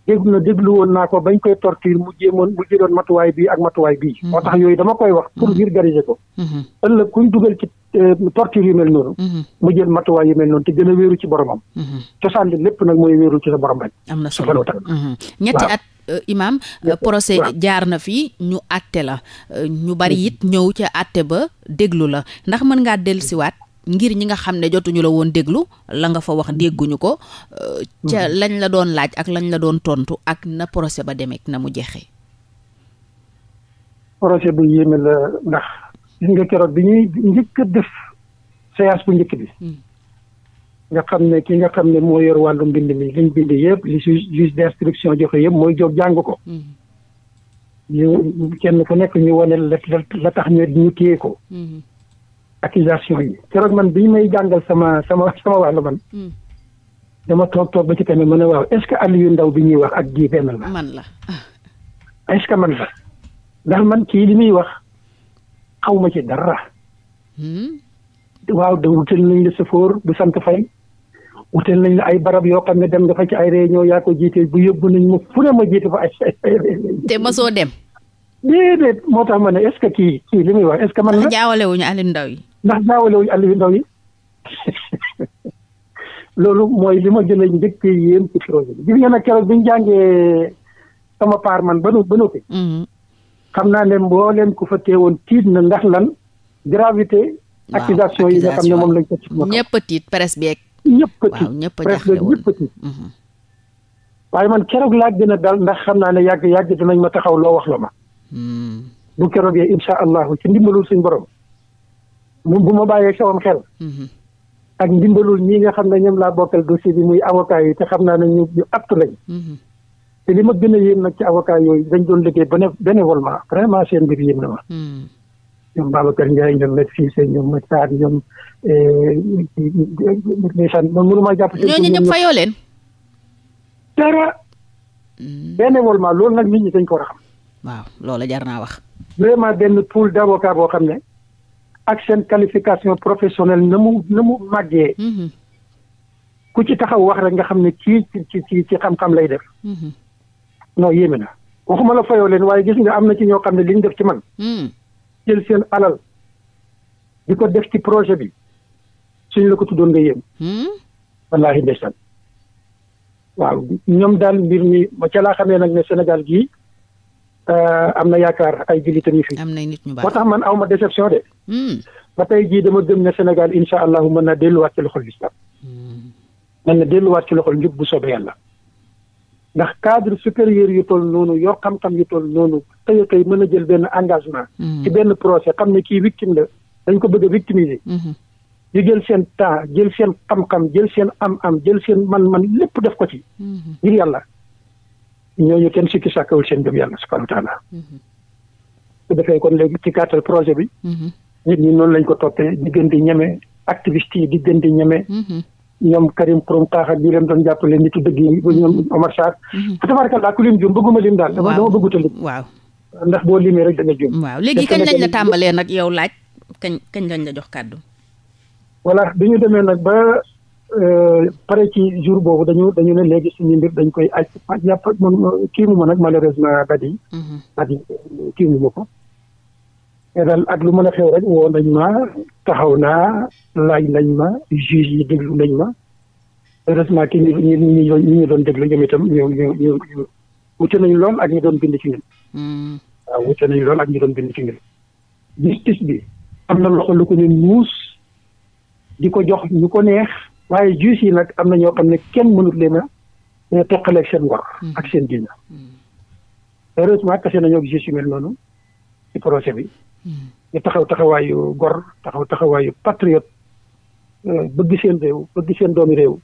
déglu na déglu woon naa ko bañ koy torture mu jéemoon mu jëloon matuwaay bii ak matuwaay bii. Mhm. moo tax yooyu dama koy wax pour mhm. vulgariser ko. Mhm. ëllëg kuñ dugal ci euh, torture yu mel noonu. mu jël matuwaay yu mel noonu te gën a wéeru ci boromam. cosaan lépp nag mooy wéeru ci sa borom rek. am na solo euh, euh, ñetti at imam procès jaar na fi ñu àtte la ñu bari it ñëw ca àtte ba déglu la ndax mën ngaa dellusiwaat. ngir ñi nga xam ne jotuñu la woon déglu la nga fa wax dégguñu ko euh, ca mm-hmm. lañ la doon laaj ak lañ la doon tontu ak na procès ba demeek na mu jeexee procès bu yéeme la ndax gis nga bi ñuy njëkk bu njëkk bi mm. nga xam ne ki nga xam ne moo yor wàllu mbind mi liñ bind yëpp li juge d'instruction joxe yëpp mooy jóg jàng ko mm. ñu kenn ku nekk ñu wane la tax ñu ñu téye ko mm-hmm. accusation yi keroog man biñ may jàngal sama sama sama wàll man. Hmm. dama toog toog ba ci tamit ma ne waaw est-ce que Aliou Ndao bi ñuy wax ak ji benn la. man la est-ce que man la ndax li muy wax xaw ma ci dara. Hmm. waaw da wutal nañ la sëfoor bu sant fay wutal nañ la ay barab yoo xam ne dem nga fa ci ay réunion yaa ko jiite bu yóbbu nañ soo dem. déedéet moo tax ma li muy wax est jaawale wuñu Aliou Ndao yi. ndax jaawale wuñu àll yu ndaw yi loolu mooy li ma jëlee njëkk yéen ci projet bi gis keroog bi ñu jàngee sama paar man ba nu ba noppi mm-hmm. xam naa ne mbooleem ku fa teewoon tiit na ndax lan gravité accusation yi xam ne moom lañ ko ci ñëpp a ñëpp ñëpp a mm-hmm. man keroog laa gën a dal ndax xam naa ne yàgg yàgg dinañ ma taxaw loo wax la ma mm. bu keroog yee insha allahu ci ndimbalul suñ borom mu bu ma bàyyee sowam xel. Mhm. ak ndimbalul ñii nga xam ne ñoom laa bokkal dossier bi muy avocat yi te xam naa ne ñu ñu aptu lañ. Mhm. te li ma gën a yéem nag ci avocat yooyu dañ doon liggéey béné bénévolement vraiment seen mbir yéem na ma. Mhm. ñoom Babacar Ndiaye ñoom Maître Cissé ñoom Maître Sarr ñoom. Eh, ndeysaan man mënuma jàpp si. ñooñu ñëpp fayoo leen. dara. bénévolement loolu nag nit ñi dañ ko war a xam. waaw loola jar naa wax. vraiment benn pool d' avocat boo xam ne. ak seen qualification professionnelle na mu na mu màggee. Mm-hmm. ku ci taxaw wax rek nga xam ne kii ci ci ci xam-xam lay def. Mm-hmm. non yéeme na waxuma la fayoo leen waaye gis nga am na ci ñoo xam ne li def ci man. Mm. jël seen alal di ko def ci projet bi suñ la ko tuddoon nga yéem. Mm. wallaahi ndeysaan waaw ñoom daal mbir mi ca laa xamee nag ne Sénégal gii. Euh, am na yaakaar ay jullit ñu fi. am na nit ñu baax moo tax man aw ma déception de. Hmm. ba tey jii dama gëm ne Sénégal incha allah mën na delluwaat ci loxol lislam hmm. mën na delluwaat ci loxol njub bu soobee yàlla. ndax cadre supérieur yu toll noonu yor xam-xam yu toll noonu xëy xëy mën a jël benn engagement. Hmm. ci benn procès xam ne kii victime la dañ ko bëgg a victimiser. ñu jël seen temps jël seen xam-xam jël seen am-am jël seen man-man lépp def ko ci. ngir yàlla. ñooñu kenn sikki sàkkawul seen gëm yàlla subhanahu wa mhm. su defee kon léegi ci gàttal projet bi mhm. nit ñi noonu lañ ko toppee di gën di ñeme activiste yi di gën di ñeme mhm. ñoom Karim Xrum Xax ak ñi leen doon jàppale nitu dëgg yi ba ñoom Omar Sarr fa tabaarakallah ku lim jum bëgguma lim daal dama dama waaw ndax boo limee rek da nga jum waaw léegi kañ lañ la tàmbalee nag yow laaj kañ kañ lañ la jox kàddu voilà bi ñu demee nag ba Euh, pare ci jour boobu dañu dañu ne léegi suñu mbir dañ koy aj yàpp man kii mu ma nag malheureusement dat yi dat yi ko mais daal ak lu mën a xew rek woo nañ ma taxaw naa laaj nañ ma juge yi déglu nañ ma heureusement ki ñu ñu ñu doon déglu ñoom itam ñu ñu ñu ñu wute nañu lool ak ñu doon bind ci ñun. Mhm. wute nañu lool ak ñu doon bind ci ñun. justice bi am na loxo lu ko ñu muus di ko jox ñu ko neex. waaye juif yi nag am na ñoo xam ne kenn mënut leen a eh, teqale mm-hmm. ak seen ngor ak seen diina mm-hmm. heureusement tase nañoo ak juif mel noonu ci projet bi mm-hmm. ñu taxaw taxawaayu gor taxaw taxawaayu patriote eh, bëgg seen réew bëgg seen doomi réew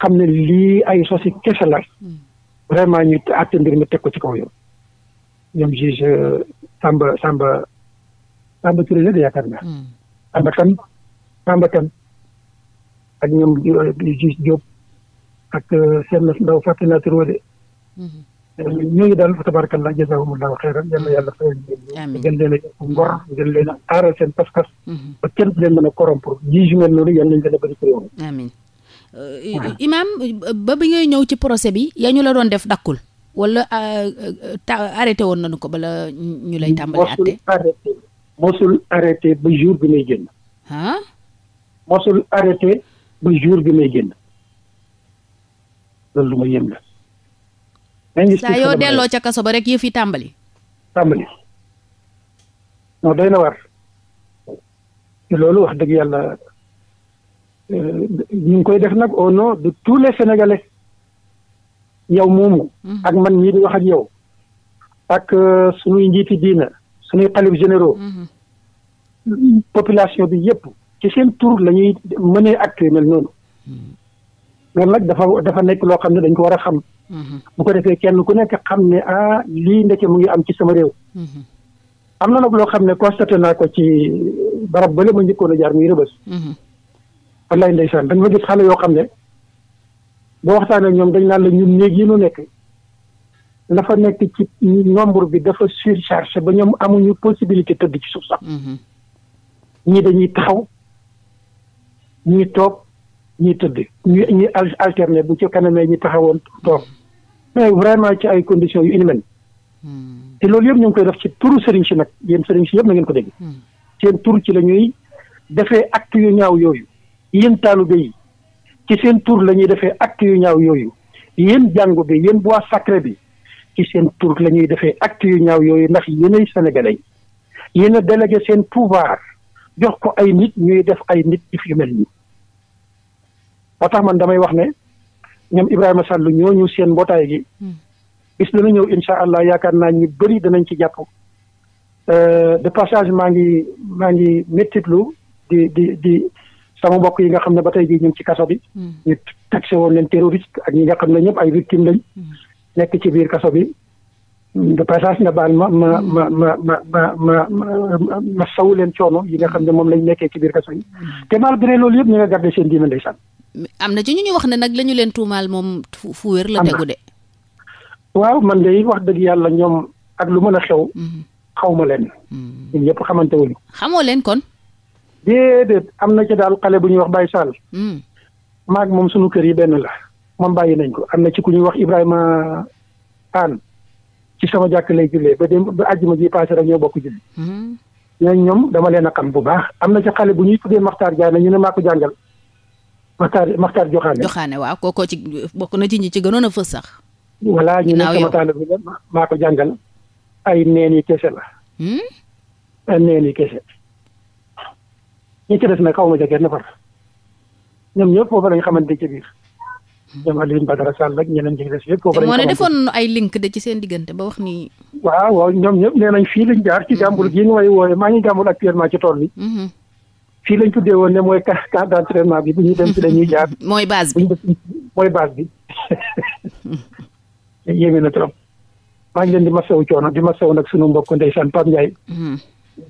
xam ne lii ay sosi kese la vraiment ñu àtte mi teg ko ci kaw yoon ñoom juge eh, Samba Samba Samba Touré la yaakaar naa Samba Kane Samba Kane ak ñoom Jus Diop ak euh, seen ndaw fàttali naa tur de. Mhm. Euh, ñooñu daal fa tabarakallaa jazakumullahu xeyran yal na yàlla fayal leen gën leen a yokk ngor gën leen a aaral seen pas-pas mhm. ba kenn leen mën euh, ba bi ngay ñëw ci procès bi yaa ñu la doon def dakkul wala arrêté woon nañu ko bala ñu lay tàmbali àtte mosul arrêté ba jour bi may génn mosul ba jour bi may génn loolu lu ma yem la. saa yoo delloo ca kaso ba rek yëf yi tàmbali. tàmbali non na war te loolu wax dëgg yàlla euh, ñu ngi koy def nag au nom de tous les sénégalais yow moomu. Mm-hmm. ak man ñii di wax ak yow. ak euh, suñuy njiiti diina suñuy xalif généraux. Mm-hmm. population bi yëpp ci seen tur lañuy ñuy mënee acté mel noonu loolu nag dafa dafa nekk loo xam ne dañ ko war a xam bu ko defee kenn ku nekk xam ne ah lii ndeke mu ngi am ci sama réew am na nag loo xam ne constaté naa ko ci barab bale ma njëkkoon a jaar muy rëbës wallaay ndeysaan dañ ma gis xale yoo xam ne boo waxtaanee ñoom dañ naan la ñun néeg yi ñu nekk la fa nekk ci nombre bi dafa surchargé ba ñoom amuñu possibilité tëdd ci suuf sax mm-hmm. ñii dañuy taxaw ñii toog ñii tëdd ñu ñi alterné bu ci kanamee ñi taxawoon toog mais vraiment ci ay conditions yu inhumaines hmm. te loolu yëpp ñu ngi koy def ci turu sëriñ si nag yéen sëriñ si yëpp na ngeen ko dégg hmm. seen tour ci la ñuy defee acte yu ñaaw yooyu yéen taalibe yi ci seen tur la ñuy defee acte yu ñaaw yooyu yéen jàngu bi yéen bois sacré bi ci seen tour la ñuy defee acte yu ñaaw yooyu ndax yéenay sénégalais yéen a délégué seen pouvoir jox ko ay nit ñuy def ay nit yu mel nii moo tax man damay wax ne ñoom Ibrahima Sall ñooñu seen mbootaay gi hmm. bis dana ñëw incha allah yaakaar naa ñu bëri danañ ci jàpp euh, de passage maa ngi maa ngi méttitlu di di di sama mbokk yi nga xam ne ba tey jii ñu ngi ci kaso bi hmm. ñu woon leen terroriste ak ñi nga xam ne ñëpp ay hmm. nekk ci biir kaso bi de passage nga baal ma ma ma ma ma ma ma ma sawu leen coono yi nga xam ne moom lañ nekkee ci biir kaso yi te malgré loolu yëpp ñu nga garder seen diine ndeysaan am na ci ñu ñu wax ne nag la leen tuumaal moom fu wér la tegu de. waaw man de wax dëgg yàlla ñoom ak lu mën a xew. Mhm. xaw ma leen. Mhm. ñun ñëpp xamante wuñu. xamoo leen kon. déedéet am na ci daal xale bu ñuy wax Baye Sall. Mhm. maag moom sunu kër yi benn la moom bàyyi nañ ko am na ci ku ñuy wax Ibrahima Anne ci sama jàkk lay jullee ba dem ba àjjuma ji passé rek ñoo bokk julli. ñoom dama leen a xam bu baax am na ci xale bu ñuy tuddee Maxtaar Jaay na ñu ne maa jàngal. Maxtaar Maxtaar Joxaane Joxaane waaw kookoo ci bokk na ci ñi ci gënoon a fës sax. voilà ñu ne sama la bi maa ko jàngal. ay neen yi kese la. Hmm? ay neen yi kese. ñi ci des nag xaw ma jege na far ñoom ñëpp foofu lañ xamante ci biir. ñoom Alioune Badara Sall ak ñeneen ñi ci des yëpp. moo ne defoon ay link de ci seen diggante ba wax ni. waaw waaw ñoom ñëpp nee nañ fii lañ jaar ci hmm. jàmbur gii nga may wooye maa ngi jàmbur actuellement ci tool bi. fii lañ tuddee woon ne mooy camp d'entraînement bi bu ñuy dem ci la ñuy jaar. mooy base bi mooy base bi yéeme na trop. maa ngi leen di masawu coono di masawu nag sunu mbokk ndeysaan Pape Ndiaye. Mm-hmm.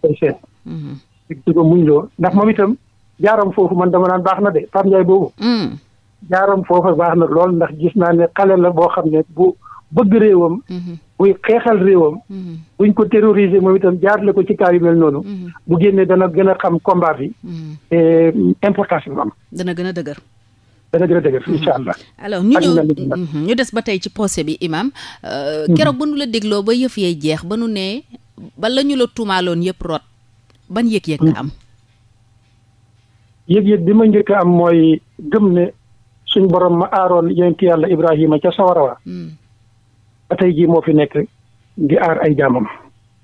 day seet. Mm-hmm. di ko muñ loo ndax moom itam jaaram foofu man dama naan baax na de Pape Ndiaye boobu. Mm. jaaram foofu baax na lool ndax gis naa ne xale la boo xam ne bu. bëgg réewam. muy mhm. xeexal réewam. Mhm. buñ ko terroriser moom itam jaarale ko ci kaw yu mel noonu. Mhm. bu génnee dana gën a xam combat bi. et eh, importance bi am. dana gën a dëgër. dana gën a dëgër incha allah. alors ñu ñëw ñu des ba tey ci procès bi imam euh, keroog ba nu la dégloo ba yëf yee jeex ba nu ne ba la ñu la tuumaaloon yëpp rot ban yëg-yëg nga am. yëg-yëg bi ma njëkk am mooy gëm ne suñ borom ma aaroon yonent yàlla Ibrahima ca sawara wa ba tey jii moo fi nekk ngi aar ay jaamam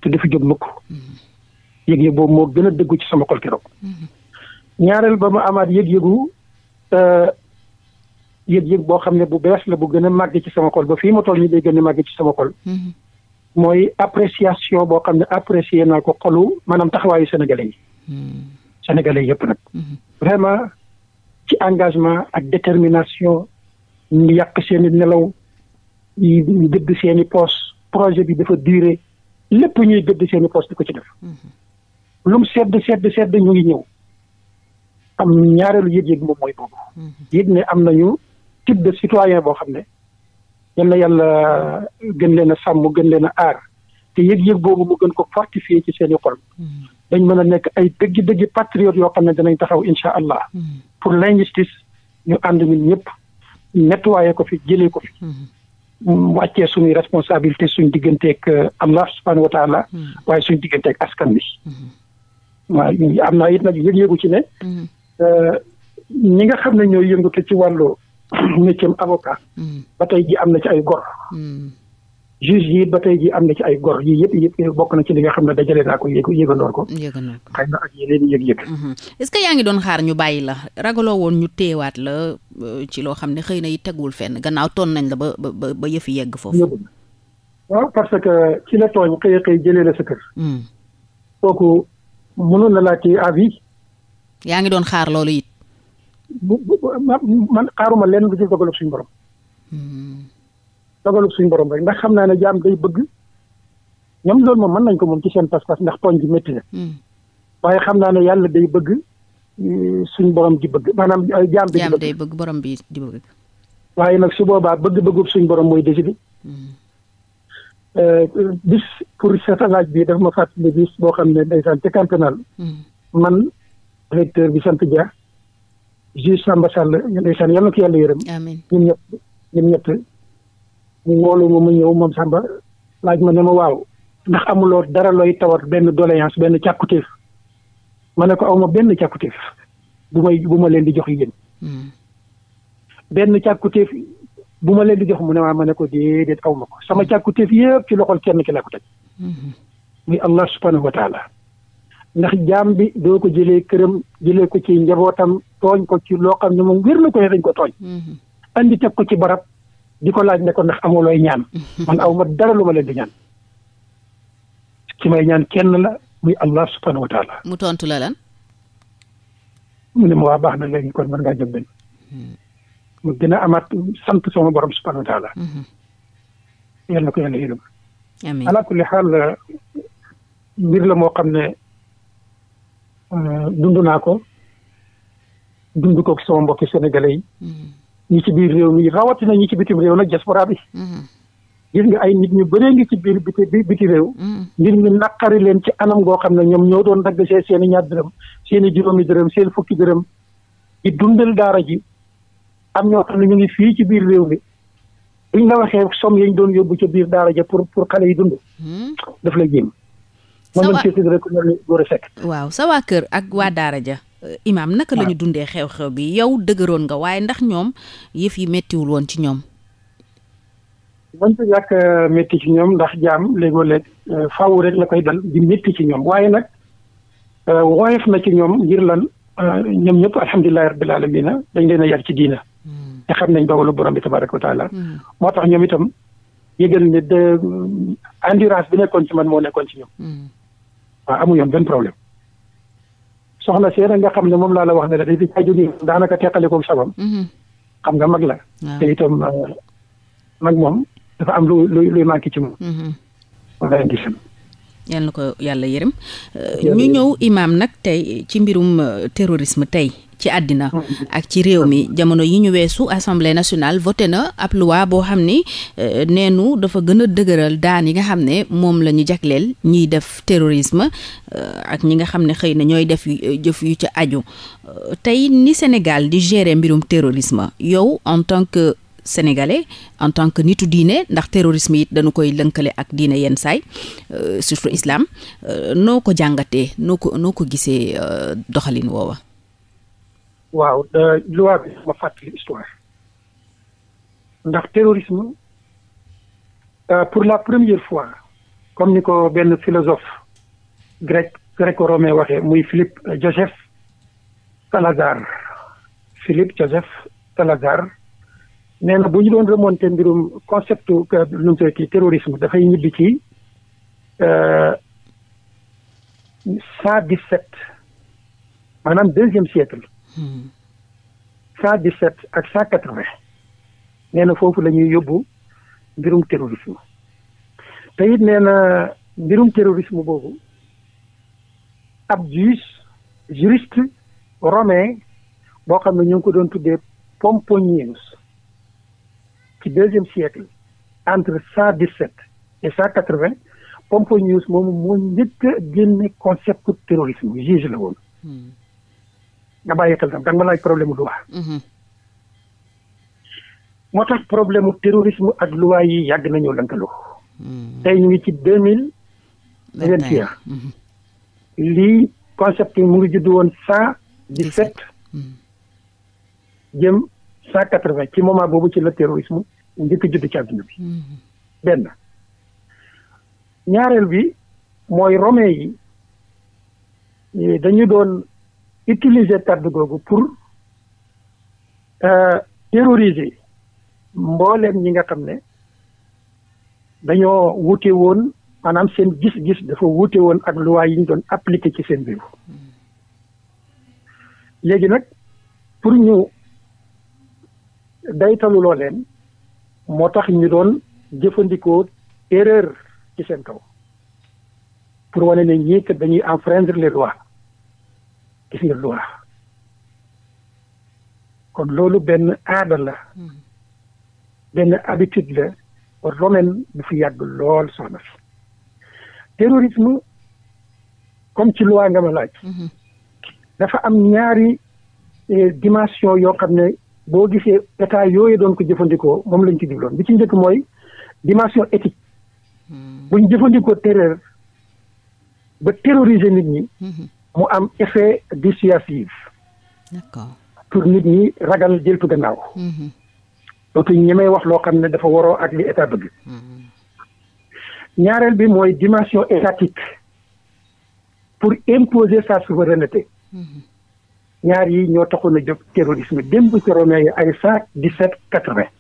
te dafa jóg mukk yëg-yëg boobu moo gën a dëggu ci sama xol keroog ñaareel ba ma amaat yëg-yëgu euh, yëg-yëg boo xam ne bu bees la bu gën a màgg ci sama xol ba fii ma toll nii day gën a màgg ci sama xol mooy appréciation boo xam ne apprécier naa ko xolu maanaam taxawaayu sénégalais yi sénégalais yëpp nag vraiment ci engagement ak détermination ñu yàq seeni nelaw yi ñu gëdd seeni i projet bi dafa duré lépp ñuy gëdd seeni i poos di ko ci def mhm. lum sedd sedd sedd ñu ngi ñëw am ñaareelu yëg-yëg moom mooy boobu mhm. yëg ne am nañu type de citoyen boo xam ne yal na yàlla gën leen a sàmm gën leen a aar te yëg-yëg boobu mu gën ko fortifier ci seen i xol mhm. dañ mën a nekk ay dëggi dëggi patriotes yoo xam ne danañ taxaw incha allah pour l'injustice ñu ànd ñun ñëpp nettoyer ko fi jëlee ko fi wàccee suñuy responsabilité suñ digganteeg euh, Allah la wa taala hmm. waaye suñ digganteeg askan bi hmm. waaw am naa it nag yëg-yëgu ci ne hmm. euh, ñi nga xam ne ñooy yëngatu ci wàllu métier avocat ba tey ji am na ci ay gor juge yi ba tey ji am na ci ay gor yii yëpp yëpp bokk na ci li nga xam ne dajale naa ko yéeg yéegandoor ko. yéegandoor ko xëy na ak yeneen yëg-yëg. Mm-hmm. est-ce yaa ngi doon xaar ñu bàyyi la ragaloo woon ñu teewaat la euh, ci loo xam ne xëy na yi teguwul fenn gannaaw toon nañ la ba ba ba yëfi yegg foofu. waaw parce que ci la tooñ xëy xëy jëlee la sa kër. Mm. kooku mënoon na laa téye à yaa ngi doon xaar loolu it. bu man xaaruma lenn lu dul dogalu suñu borom. Mm. dogalu suñu borom rek ndax xam naa ne jaam day bëgg ñoom loolu moom mën nañ ko moom ci seen pas-pas ndax tooñ bi métti na hmm. waaye xam naa ne yàlla day bëgg eh, suñ borom di bëgg maanaam ay eh, bi jaam day bëgg borom bi di bëgg waaye nag si boobaa bëgg-bëggub suñ borom mooy décidé hmm. eh, bis pour sa laaj bi dafa ma fàttali bis boo xam ne ndeysaan ca campénal hmm. man directeur bi sant Dia juge Samba Sall ndeysaan yal ko yàlla yërëm ñun ñëpp mu woolu ma ma ñëw moom Samba laaj ma ne ma waaw ndax amuloo dara looy tawat benn doléance benn càkkutéef ma ne ko aw benn càkkutéef bu may bu ma leen di jox yéen hmm. benn càkkutéef bu ma leen di jox mu ne maa ma ne ko déedéet aw ma ko sama càkkutéef yëpp ci loxol kenn ki la ko teg hmm. muy allah subhanahu wa ndax jaam bi doo ko jëlee këram jëlee ko ci njabootam tooñ ko ci loo xam ne moom wér na ko ne dañ ko tooñ hmm. andi teg ko ci barab di laaj ne ko ndax amoo looy ñaan man aw dara lu ma leen di ñaan ki may ñaan kenn la muy allah subhanahu wa mu tontu la lan mu ne ma waa baax na léegi kon mën ngaa jóg hmm. mu gën a amaat sant sama borom subhanahu wa yal hmm. na ko yàlla yërëm amiin ala kulli xaal mbir la moo xam ne euh, dund naa ko dund ko sama mbokki sénégalais yi hmm. ñi ci biir réew mi rawatina ñi ci bitim réew nag diaspora bi mm-hmm. gis nga ay nit ñu bëree ngi ci biir biti biti réew mm-hmm. ngir ñu naqari leen ci anam goo xam ne ñoom ñoo doon dagg see seen i ñaar dërëm seen i juróomi dërëm seen fukki dërëm di dundal daara ji am ñoo xam ne ñu ngi fii ci biir réew mi buñ la waxee somme yañ doon yóbbu ca biir daara ja pour pour xale yi dund mm-hmm. daf lay jéem man waaw sa waa kër ak waa daara ja Euh, imaam naka la ah. dundee xew-xew bi yow dëgëroon nga waaye ndax ñoom yëf yi méttiwul woon ci ñoom. mënut a ñàkk euh, métti ci ñoom ndax jaam léegoo léeg euh, faaw rek la koy dal di métti ci ñoom waaye nag woyof na ci ñoom ngir lan ñoom ñëpp alhamdulilah rabbil alamina dañ leen a yar ci diina. Hmm. te xam nañ dogalu borom bi tabaraka wa hmm. moo tax ñoom itam yëgal ne de endurance bi nekkoon ci man moo nekkoon ci ñoom. Hmm. waaw amu yoon benn problème. soxna see nag nga xam ne moom laa la wax ne dafay jaay jógee daanaka sabam. Mhm. xam nga mag la. te itam euh, mag moom dafa am lu lu luy manqué ci moom. Mhm. walaay gisam. yal na ko yàlla yërëm. Euh, ñu ñëw imaam nag tey ci mbirum euh, terrorisme tey ci àddina mm. ak ci réew mi jamono yi ñu weesu assemblée nationale vote na ab loi boo xam ni euh, neenu dafa gën a dëgëral daan yi nga xam ne moom la ñu jagleel ñiy def terrorisme euh, ak ñi nga xam ne xëy na ñooy def euh, jëf yu ci aju tey ni Sénégal di gérer mbirum terrorisme yow en tant que sénégalais en tant que nitu diine ndax terrorisme it dañu koy lënkale ak diine yenn saay surtout islam noo ko jàngatee noo ko noo ko gisee doxalin woowa waaw loi bi ma fàttali histoire ndax terrorisme euh, pour la première fois comme ni ko benn philosophe grec gréco-romain waxee muy Philippe euh, Joseph Salazar Philippe Joseph Salazar nee na bu ñu doon remonté mbirum concept lu euh, mu kii terrorisme dafay ñibbi ci cent dix sept maanaam deuxième siècle cent dix sept ak cent quatre vingt nee na foofu lañuy ñuy yóbbu mbirum terrorisme te it nee na mbirum terrorisme boobu ab juge juriste romain boo xam ne ñoo ngi ko doon tuddee Pomponius ci deuxième siècle entre cent dix sept et cent quatre vingt Pomponius moomu moo njëkk a génne concept terrorisme juge la woon. Hmm. nga bàyyi xel tam da nga ma laaj problème mu luwa. Mhm. moo tax problème mu terrorisme ak luwa yi yàgg nañoo lëkkaloo. Mhm. tey ñu ngi ci deux mille vingt et un mhm. lii concept mu ngi judd woon cent dix sept jëm cent quatre vingt ci moment boobu ci la terrorisme njëkk judd ci àdduna bi. benn ñaareel bi mooy romain yi eh, dañu doon. utiliser kàddu googu pour euh, terroriser mbooleem ñi nga xam ne dañoo wute woon maanaam seen gis-gis dafa wute woon ak loi yi ñu doon appliqué ci seen réew léegi nag pour ñu daytaluloo leen moo tax ñu doon jëfandikoo erreur ci seen kaw pour wane ne ñii kat dañuy enfreindre les lois ci biir loi kon loolu benn aada la hmm. benn habitude la romaine bu fi yàgg lool soxna fi terrorisme comme ci loi nga ma laaj hmm. dafa am ñaari eh, dimension yoo xam ne boo gisee état yooyu doon ko jëfandikoo moom lañ ci jubloon bi ci njëkk mooy dimension éthique hmm. buñ jëfandikoo terreur ba terroriser nit ñi mu am effet dissuasif. d'accord pour nit ñi ragal jëltu gannaaw. Mm-hmm. dootuñ ñemee wax loo xam ne dafa waroo ak li état bëgg. Mm-hmm. ñaareel bi mooy dimension étatique pour imposer sa souveraineté. Mm-hmm. ñaar yi ñoo taxoon a jóg terrorisme démb ci Romain yi ay cent dix-sept quatre-vingt.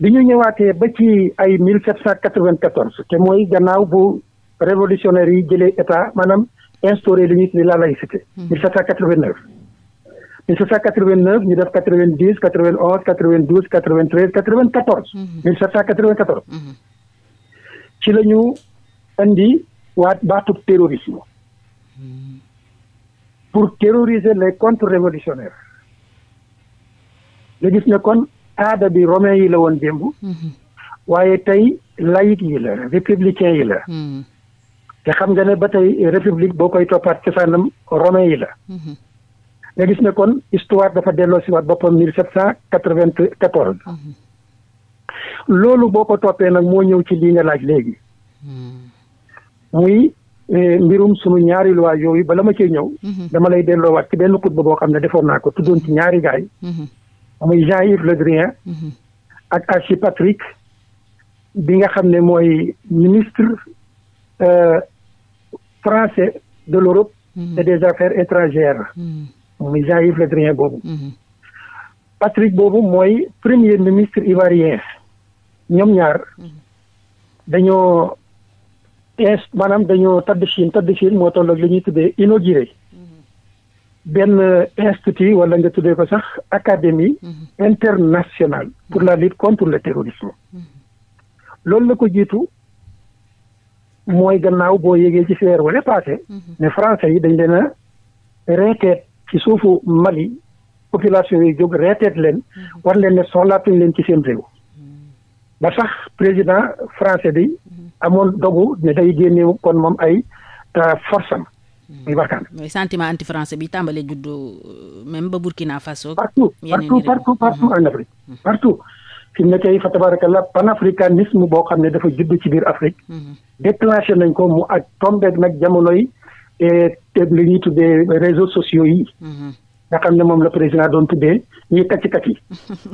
bi ñu ñëwaatee ba ci ay mille sept cent quatre-vingt-quatorze te mooy gannaaw bu révolutionnaire yi jëlee état maanaam instauré li ñuy tuddee la laïcité. 1789. 1789 ñu def 90 91 92 93 94. 1794. ci la ñu andi waat baatu terrorisme. Hmm. pour terroriser les contre-révolutionnaires. nga gis ne kon aada bi romain yi la woon démb. Hmm. waaye tey laïc yi la républicain yi la. Hmm. te xam nga ne ba tey république boo koy toppaat cosaanam romain yi la. Mhm. nga gis ne kon histoire dafa delloo si waat boppam mille sept cent quatre vingt quatorze. Mhm. loolu boo ko toppee nag moo ñëw ci lii nga laaj léegi. Mhm. muy eh, mbirum sunu ñaari loi yooyu bala ma cee ñëw. dama lay delloowaat ci benn xutba boo xam ne defoon naa ko tuddoon ci ñaari gaay muy Jean-Yves Le ak Archie bi nga xam ne mooy ministre. euh, français de l'Europe mhm. et des affaires étrangères. muy mhm. Jean-Yves Le Drian boobu. Mhm. Patrick boobu mooy premier ministre ivoirien ñoom ñaar dañoo ins maanaam dañoo tadd Chine tadd Chine moo toll ak li ñuy tuddee inauguré benn institut wala nga tuddee ko sax académie internationale pour la lutte contre le terrorisme loolu la ko jiitu mooy gannaaw boo yégee ci weer wala passé mhm. ne français yi dañ leen a reeteet ci suufu Mali population yi jóg reeteet leen mhm. war leen ne soxlaatuñ leen ci seen réew mhm. ba sax président français bi amoon dogu ne day génne kon moom ay euh, force am muy barkaan mooy sentiment anti français bi tàmbalee juddu euh, même ba Burkina Faso partout partout partout partout en Afrique partout fi mu ne tey fa boo xam ne dafa judd ci biir Afrique. Mhm. déclenché nañ ko mu ak tombé nag jamonoy eh, li ñuy tuddee réseaux sociaux yi. Mhm. nga xam ne moom la président doon tuddee ñuy kacci kacci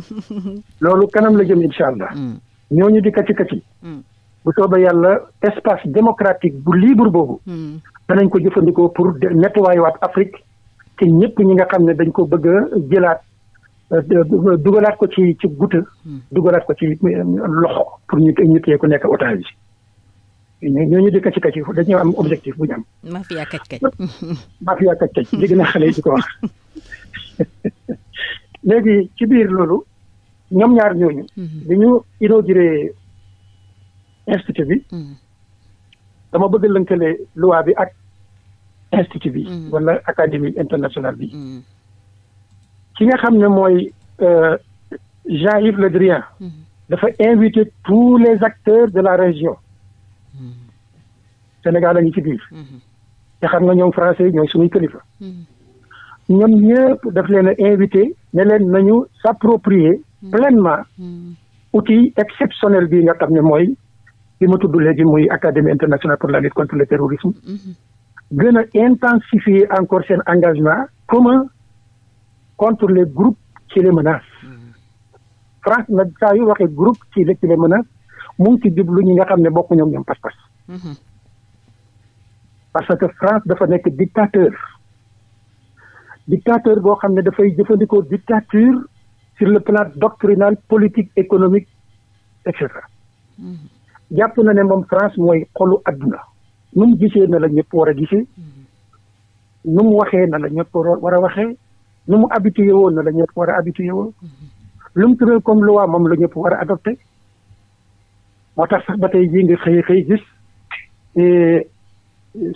loolu kanam la jëm incha allah. Mm. ñooñu di kacci kacci. Mm. bu soobee yàlla espace démocratique bu libre boobu. Mm. danañ ko jëfandikoo pour nettoyer waat Afrique te ñëpp ñi nga xam ne dañ ko bëgg a jëlaat. Euh, dugalaat ko ci ci guta hmm. dugalaat ko ci loxo pour ñu ñu téye ku nekk otage yi ñooñu di kacc kacc dañoo am objectif bu ñu am. mafia kacc kacc. mafia kacc kacc dégg naa xale yi di ko wax léegi ci biir loolu ñoom ñaar ñooñu. Hmm. bi ñu inauguré institut bi. Hmm. dama bëgg lënkale loi bi ak institut bi. wala académie internationale bi. ci nga xam ne mooy euh, Jean-Yves Le Drian mm-hmm. dafa invité tous les acteurs de la région mm-hmm. Sénégal a ngi ci biir mm-hmm. te xam nga ñoom français ñooy suñuy kilifa ñoom ñëpp daf leen a invité ne leen nañu s'approprier pleinement outil exceptionnel bii nga xam ne mooy bi ma tudd léegi muy académie internationale pour la lutte contre le terrorisme gën a intensifier encore seen engagement commun contre les groupes qui les menacent mm-hmm. France nag saa yu waxee groupe qui les qui les menace mu ngi ci jublu ñi nga xam ne bokku ñoom ñoom pas-pas mm-hmm. parce que France dafa nekk dictateur dictateur boo xam ne dafay jëfandikoo dictature sur le plan doctrinal politique économique et cetera mm-hmm. jàpp na ne moom France mooy xolu àdduna nu mu gisee na la ñëpp war a gisee nu mu waxee na la ñëpp war a waxee nu mu habitué woon na la ñëpp war a habitué woon lu mu tëral comme loi moom la ñëpp war a adopté moo tax sax ba tey jii nga xëy xëy gis eh,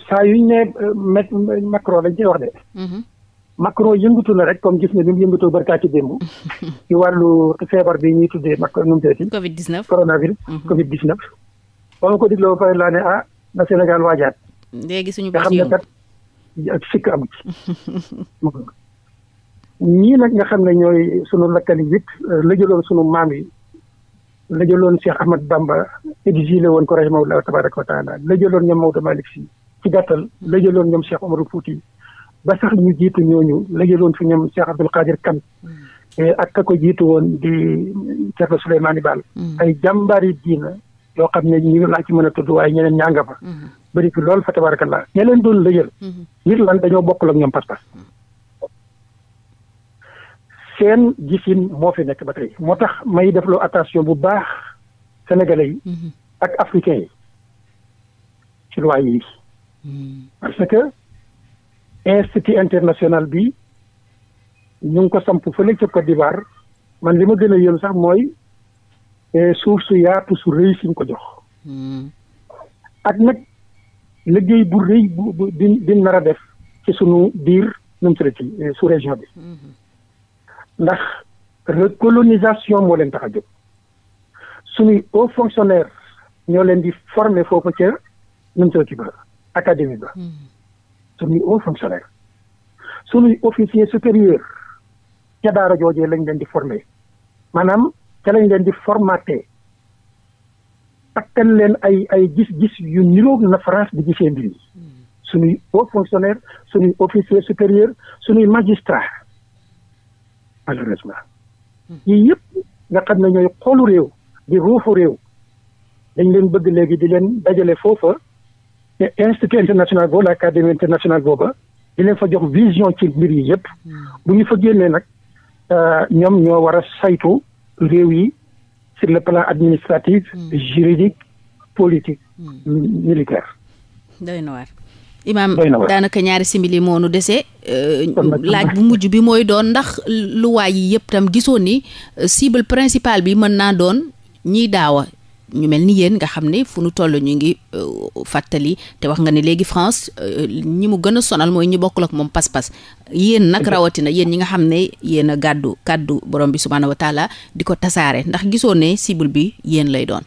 saa yuñ ne mét eh, Macron lañ koy wax de. Mhm. Macron yëngatu la rek comme gis nga ni mu yëngatoo barkaati démb. ci wàllu feebar bi ñuy tuddee Macron nu mu tëddee. Covid 19 coronavirus. Mhm. Covid 19. ba ma ko dégloo ba pare laa ne ah na Sénégal waajaat. ne kat sikk am ñii nag nga xam ne ñooy sunu lakkali it euh, la jëloon sunu maam yi la jëloon Cheikh Ahmad Bamba exilé woon ko rahimahullahu tabaraka wa taala la jëloon ñoom Maodo Malick ci gàttal la jëloon ñoom Cheikh Omarou Fouti ba sax ñu jiitu ñooñu la jëloon fi ñoom Cheikh Abdoul Qadir Kane mm. ak ka ko jiitu woon di Thierno Souleymane Baal mm. ay jàmbaari diina yoo xam ne ñu laa ci mën a tudd waaye ñeneen ñaa nga fa mm-hmm. bëri fi loolu fa tabarakallah ña leen doon lëjal mm-hmm. ngir lan dañoo bokkul ñoom pas-pas seen gisin moo fi nekk ba tey moo tax may defloo attention bu baax sénégalais yi mhm. ak africains yi ci loi mhm. parce que institut international bi ñu ngi ko samp fële ca Côte d'Ivoire man li ma gën a yéem sax mooy eh, suuf su yaatu su rëy suñ ko jox mhm. ak nag liggéey bu rëy bu di nar a def ci sunu diir nu mu eh, région bi ndax recolonisation moo leen tax a jóg suñuy hauts fonctionnaires ñoo leen di former foofu ca ñun soo ci ba académie ba hmm. suñuy hauts fonctionnaires suñuy officier supérieur ca daara joojee lañ leen di former maanaam ca lañ leen di formaté takkan leen ay ay gis-gis yu niroog na France di gisee mbir yi hmm. suñuy hauts fonctionnaires suñuy officier supérieur suñuy magistrat malheureusement yii yëpp nga xam ne ñooy xoolu réew di ruufu réew dañ leen bëgg léegi di leen dajale foofa te institut international boobu la académie internationale booba di leen fa jox vision ci mbir yi yëpp hmm. bu ñu fa génnee nag euh, ñoom ñoo war a saytu réew yi sur le plan administratif hmm. juridique politique hmm. militaire doy na imaam daanaka ñaari simili moo nu dese. Euh, laaj bu mujj bi mooy doon ndax luwaay yi yëpp tam gisoon ni euh, cible principal bi mën naa doon ñiy daawa ñu mel ni yéen nga xam ne fu nu toll ñu ngi euh, fàttali te wax nga ni léegi France ñi mu gën a sonal mooy ñi bokkul ak moom pas-pas yéen nag rawatina yéen ñi nga xam ne yéen a gàddu kàddu borom bi subhaanahu wa di ko tasaare ndax gisoon ne cible bi yéen lay doon.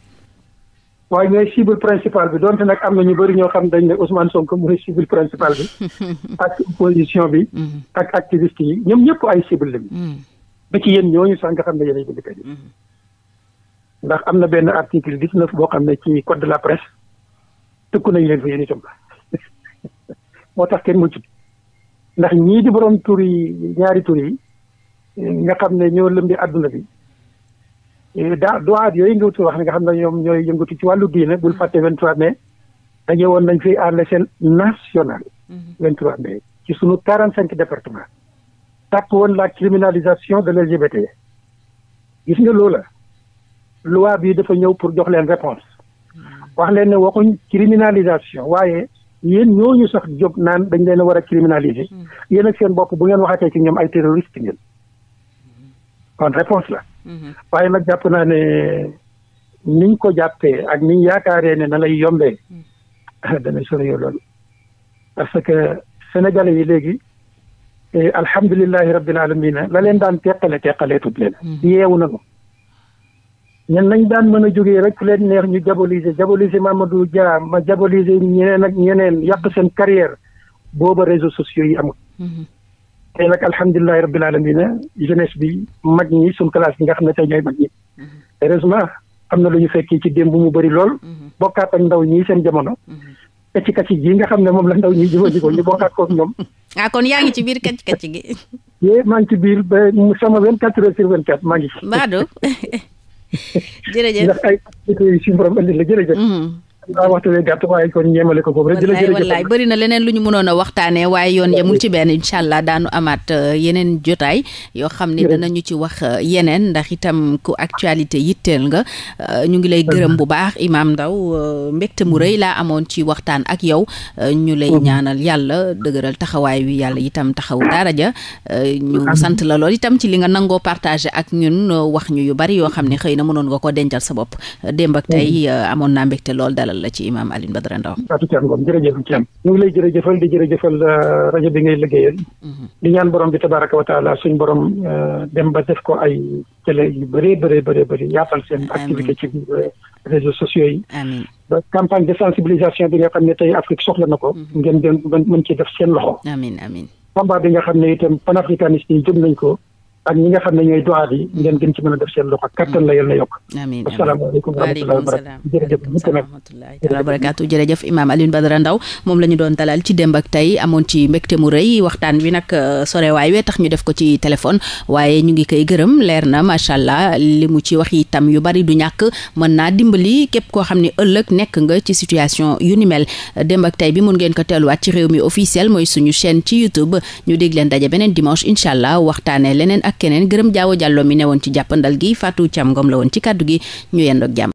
waaye ñooy cible principal bi donte nag am na ñu bëri ñoo xam dañ ne Ousmane Sonko mooy cible principal bi ak opposition bi mm-hmm. ak activiste yi ñoom ñëpp ay cible lañu mm-hmm. ba ci yéen ñooñu sax nga xam ne yéenay bindkat yi mm-hmm. ndax am na benn article dix-neuf boo xam ne ci code de la presse tëkku nañ leen fa yéen itam moo tax kenn mucc ndax ñii di borom tur yi ñaari tour yi nga xam ne ñoo lëmbi àdduna bi Eh, daa duwaat yooyu nga wax ne nga xam ne ñoom ñooy yëngatu ci wàllu diine bul fàtte 23 mm-hmm. mai dañu woon nañ fi à l'échelle nationale. 23 mm-hmm. mai ci suñu sunu cinq département tàkk woon la criminalisation de l'LGBT gis nga loola loi bi dafa ñëw pour jox leen réponse mm-hmm. wax leen ne waxuñ criminalisation waaye yéen ñooñu sax jóg naan dañ leen a war a criminaliser yéen ak seen bopp bu ngeen waxatee ci ñoom ay terroriste ngeen kon réponse la waaye nag jàpp naa ne niñ ko jàppee ak niñ yaakaaree ne na lay yombe dana sori yoo parce que sénégalais yi léegi eh, alhamdulilahi rabbil alamina la leen daan teqale teqalee tut leen mhm. yeewu nañu ñen nañ daan mën a jógee rek leen neex ñu jaboliser jaboliser Mamadou Dia ma jaboliser ñeneen ak ñeneen yàq seen carrière booba réseaux sociaux yi amul mhm. tey nag alhamdulilah rabbil alamina jeunesse bi mag ñi sun classe bi nga xam ne tey ñooy mag ñi heureusement am na lu ñu fekki ci démb mu bëri lool bokkaat ak ndaw ñi seen jamono kacci kacci ji nga xam ne moom la ndaw ñi jëfoo jëfoo ñu bokkaat koog ñoom ah kon yaa ngi ci biir kacci kacci gi yee eh, maa ngi ci biir ba sama vingt quatre heures sur vingt maa ngi ci baado jërëjëf ndax ay suñu borom indi la jërëjëf mm-hmm. waaw waxtu bi gàtt ko foofu rek. wallaay bëri na leneen lu ñu mënoon a waxtaanee waaye yoon yemul ci benn incha allah daanu amaat euh, yeneen jotaay yoo xam ne danañu ci wax euh, yeneen ndax itam ku actualité yitteel nga euh, ñu ngi lay gërëm bu baax Imaam Ndao mbégte mu rëy laa amoon ci waxtaan ak yow ñu lay ñaanal yàlla dëgëral taxawaay wi yàlla itam taxaw daara ja ñu sant la lool itam ci li nga nangoo partage ak ñun wax ñu yu bari yoo xam ne xëy na mënoon nga ko dencal sa bopp démb ak tey amoon naa mbégte lool dalal la ci imaam Alioune Badara Ndao Fatou ah, lay jërëjëfal di jërëjëfal euh, rajo bi ngay liggéeyal mhm. di ñaan borom bi tabaraka wa taala suñ borom euh, dem ba def ko ay télé yu bëree bëree bëree bëri yaatal seen activité ci euh, réseaux sociaux yi amiin campagne de sensibilisation bi nga xam ne tey Afrique soxla na ko mhm. ngeen gën mën ci def seen loxo amiin amiin combat bi nga yi jóg nañ ko ak ñi nga xam ne ñooy doxaat yi ngeen gën ci mën a def seen loxo kattan la yal na yokk. amiin asalaamaaleykum wa rahmatullahi wa barakaatu jërëjëf imaam Alioune Badara Ndao moom la ñu doon dalal ci démb ak tey amoon ci mbégte mu rëy waxtaan wi nag euh, sorewaay wee tax ñu def ko ci téléphone waaye ñu ngi koy gërëm leer na macha allah li mu ci wax itam yu bari du ñàkk mën naa dimbali képp koo xam ne ëllëg nekk nga ci situation yu ni mel ak tey bi mun ngeen ko teeluwaat ci réew mi officiel mooy suñu chaîne ci youtube ñu dégg leen daje beneen dimanche allah waxtaane keneen gërëm jaawo jàlloo mi newoon ci jàppandal gi Fatou Thiam Ngom la woon ci kàddu gi ñu yendoog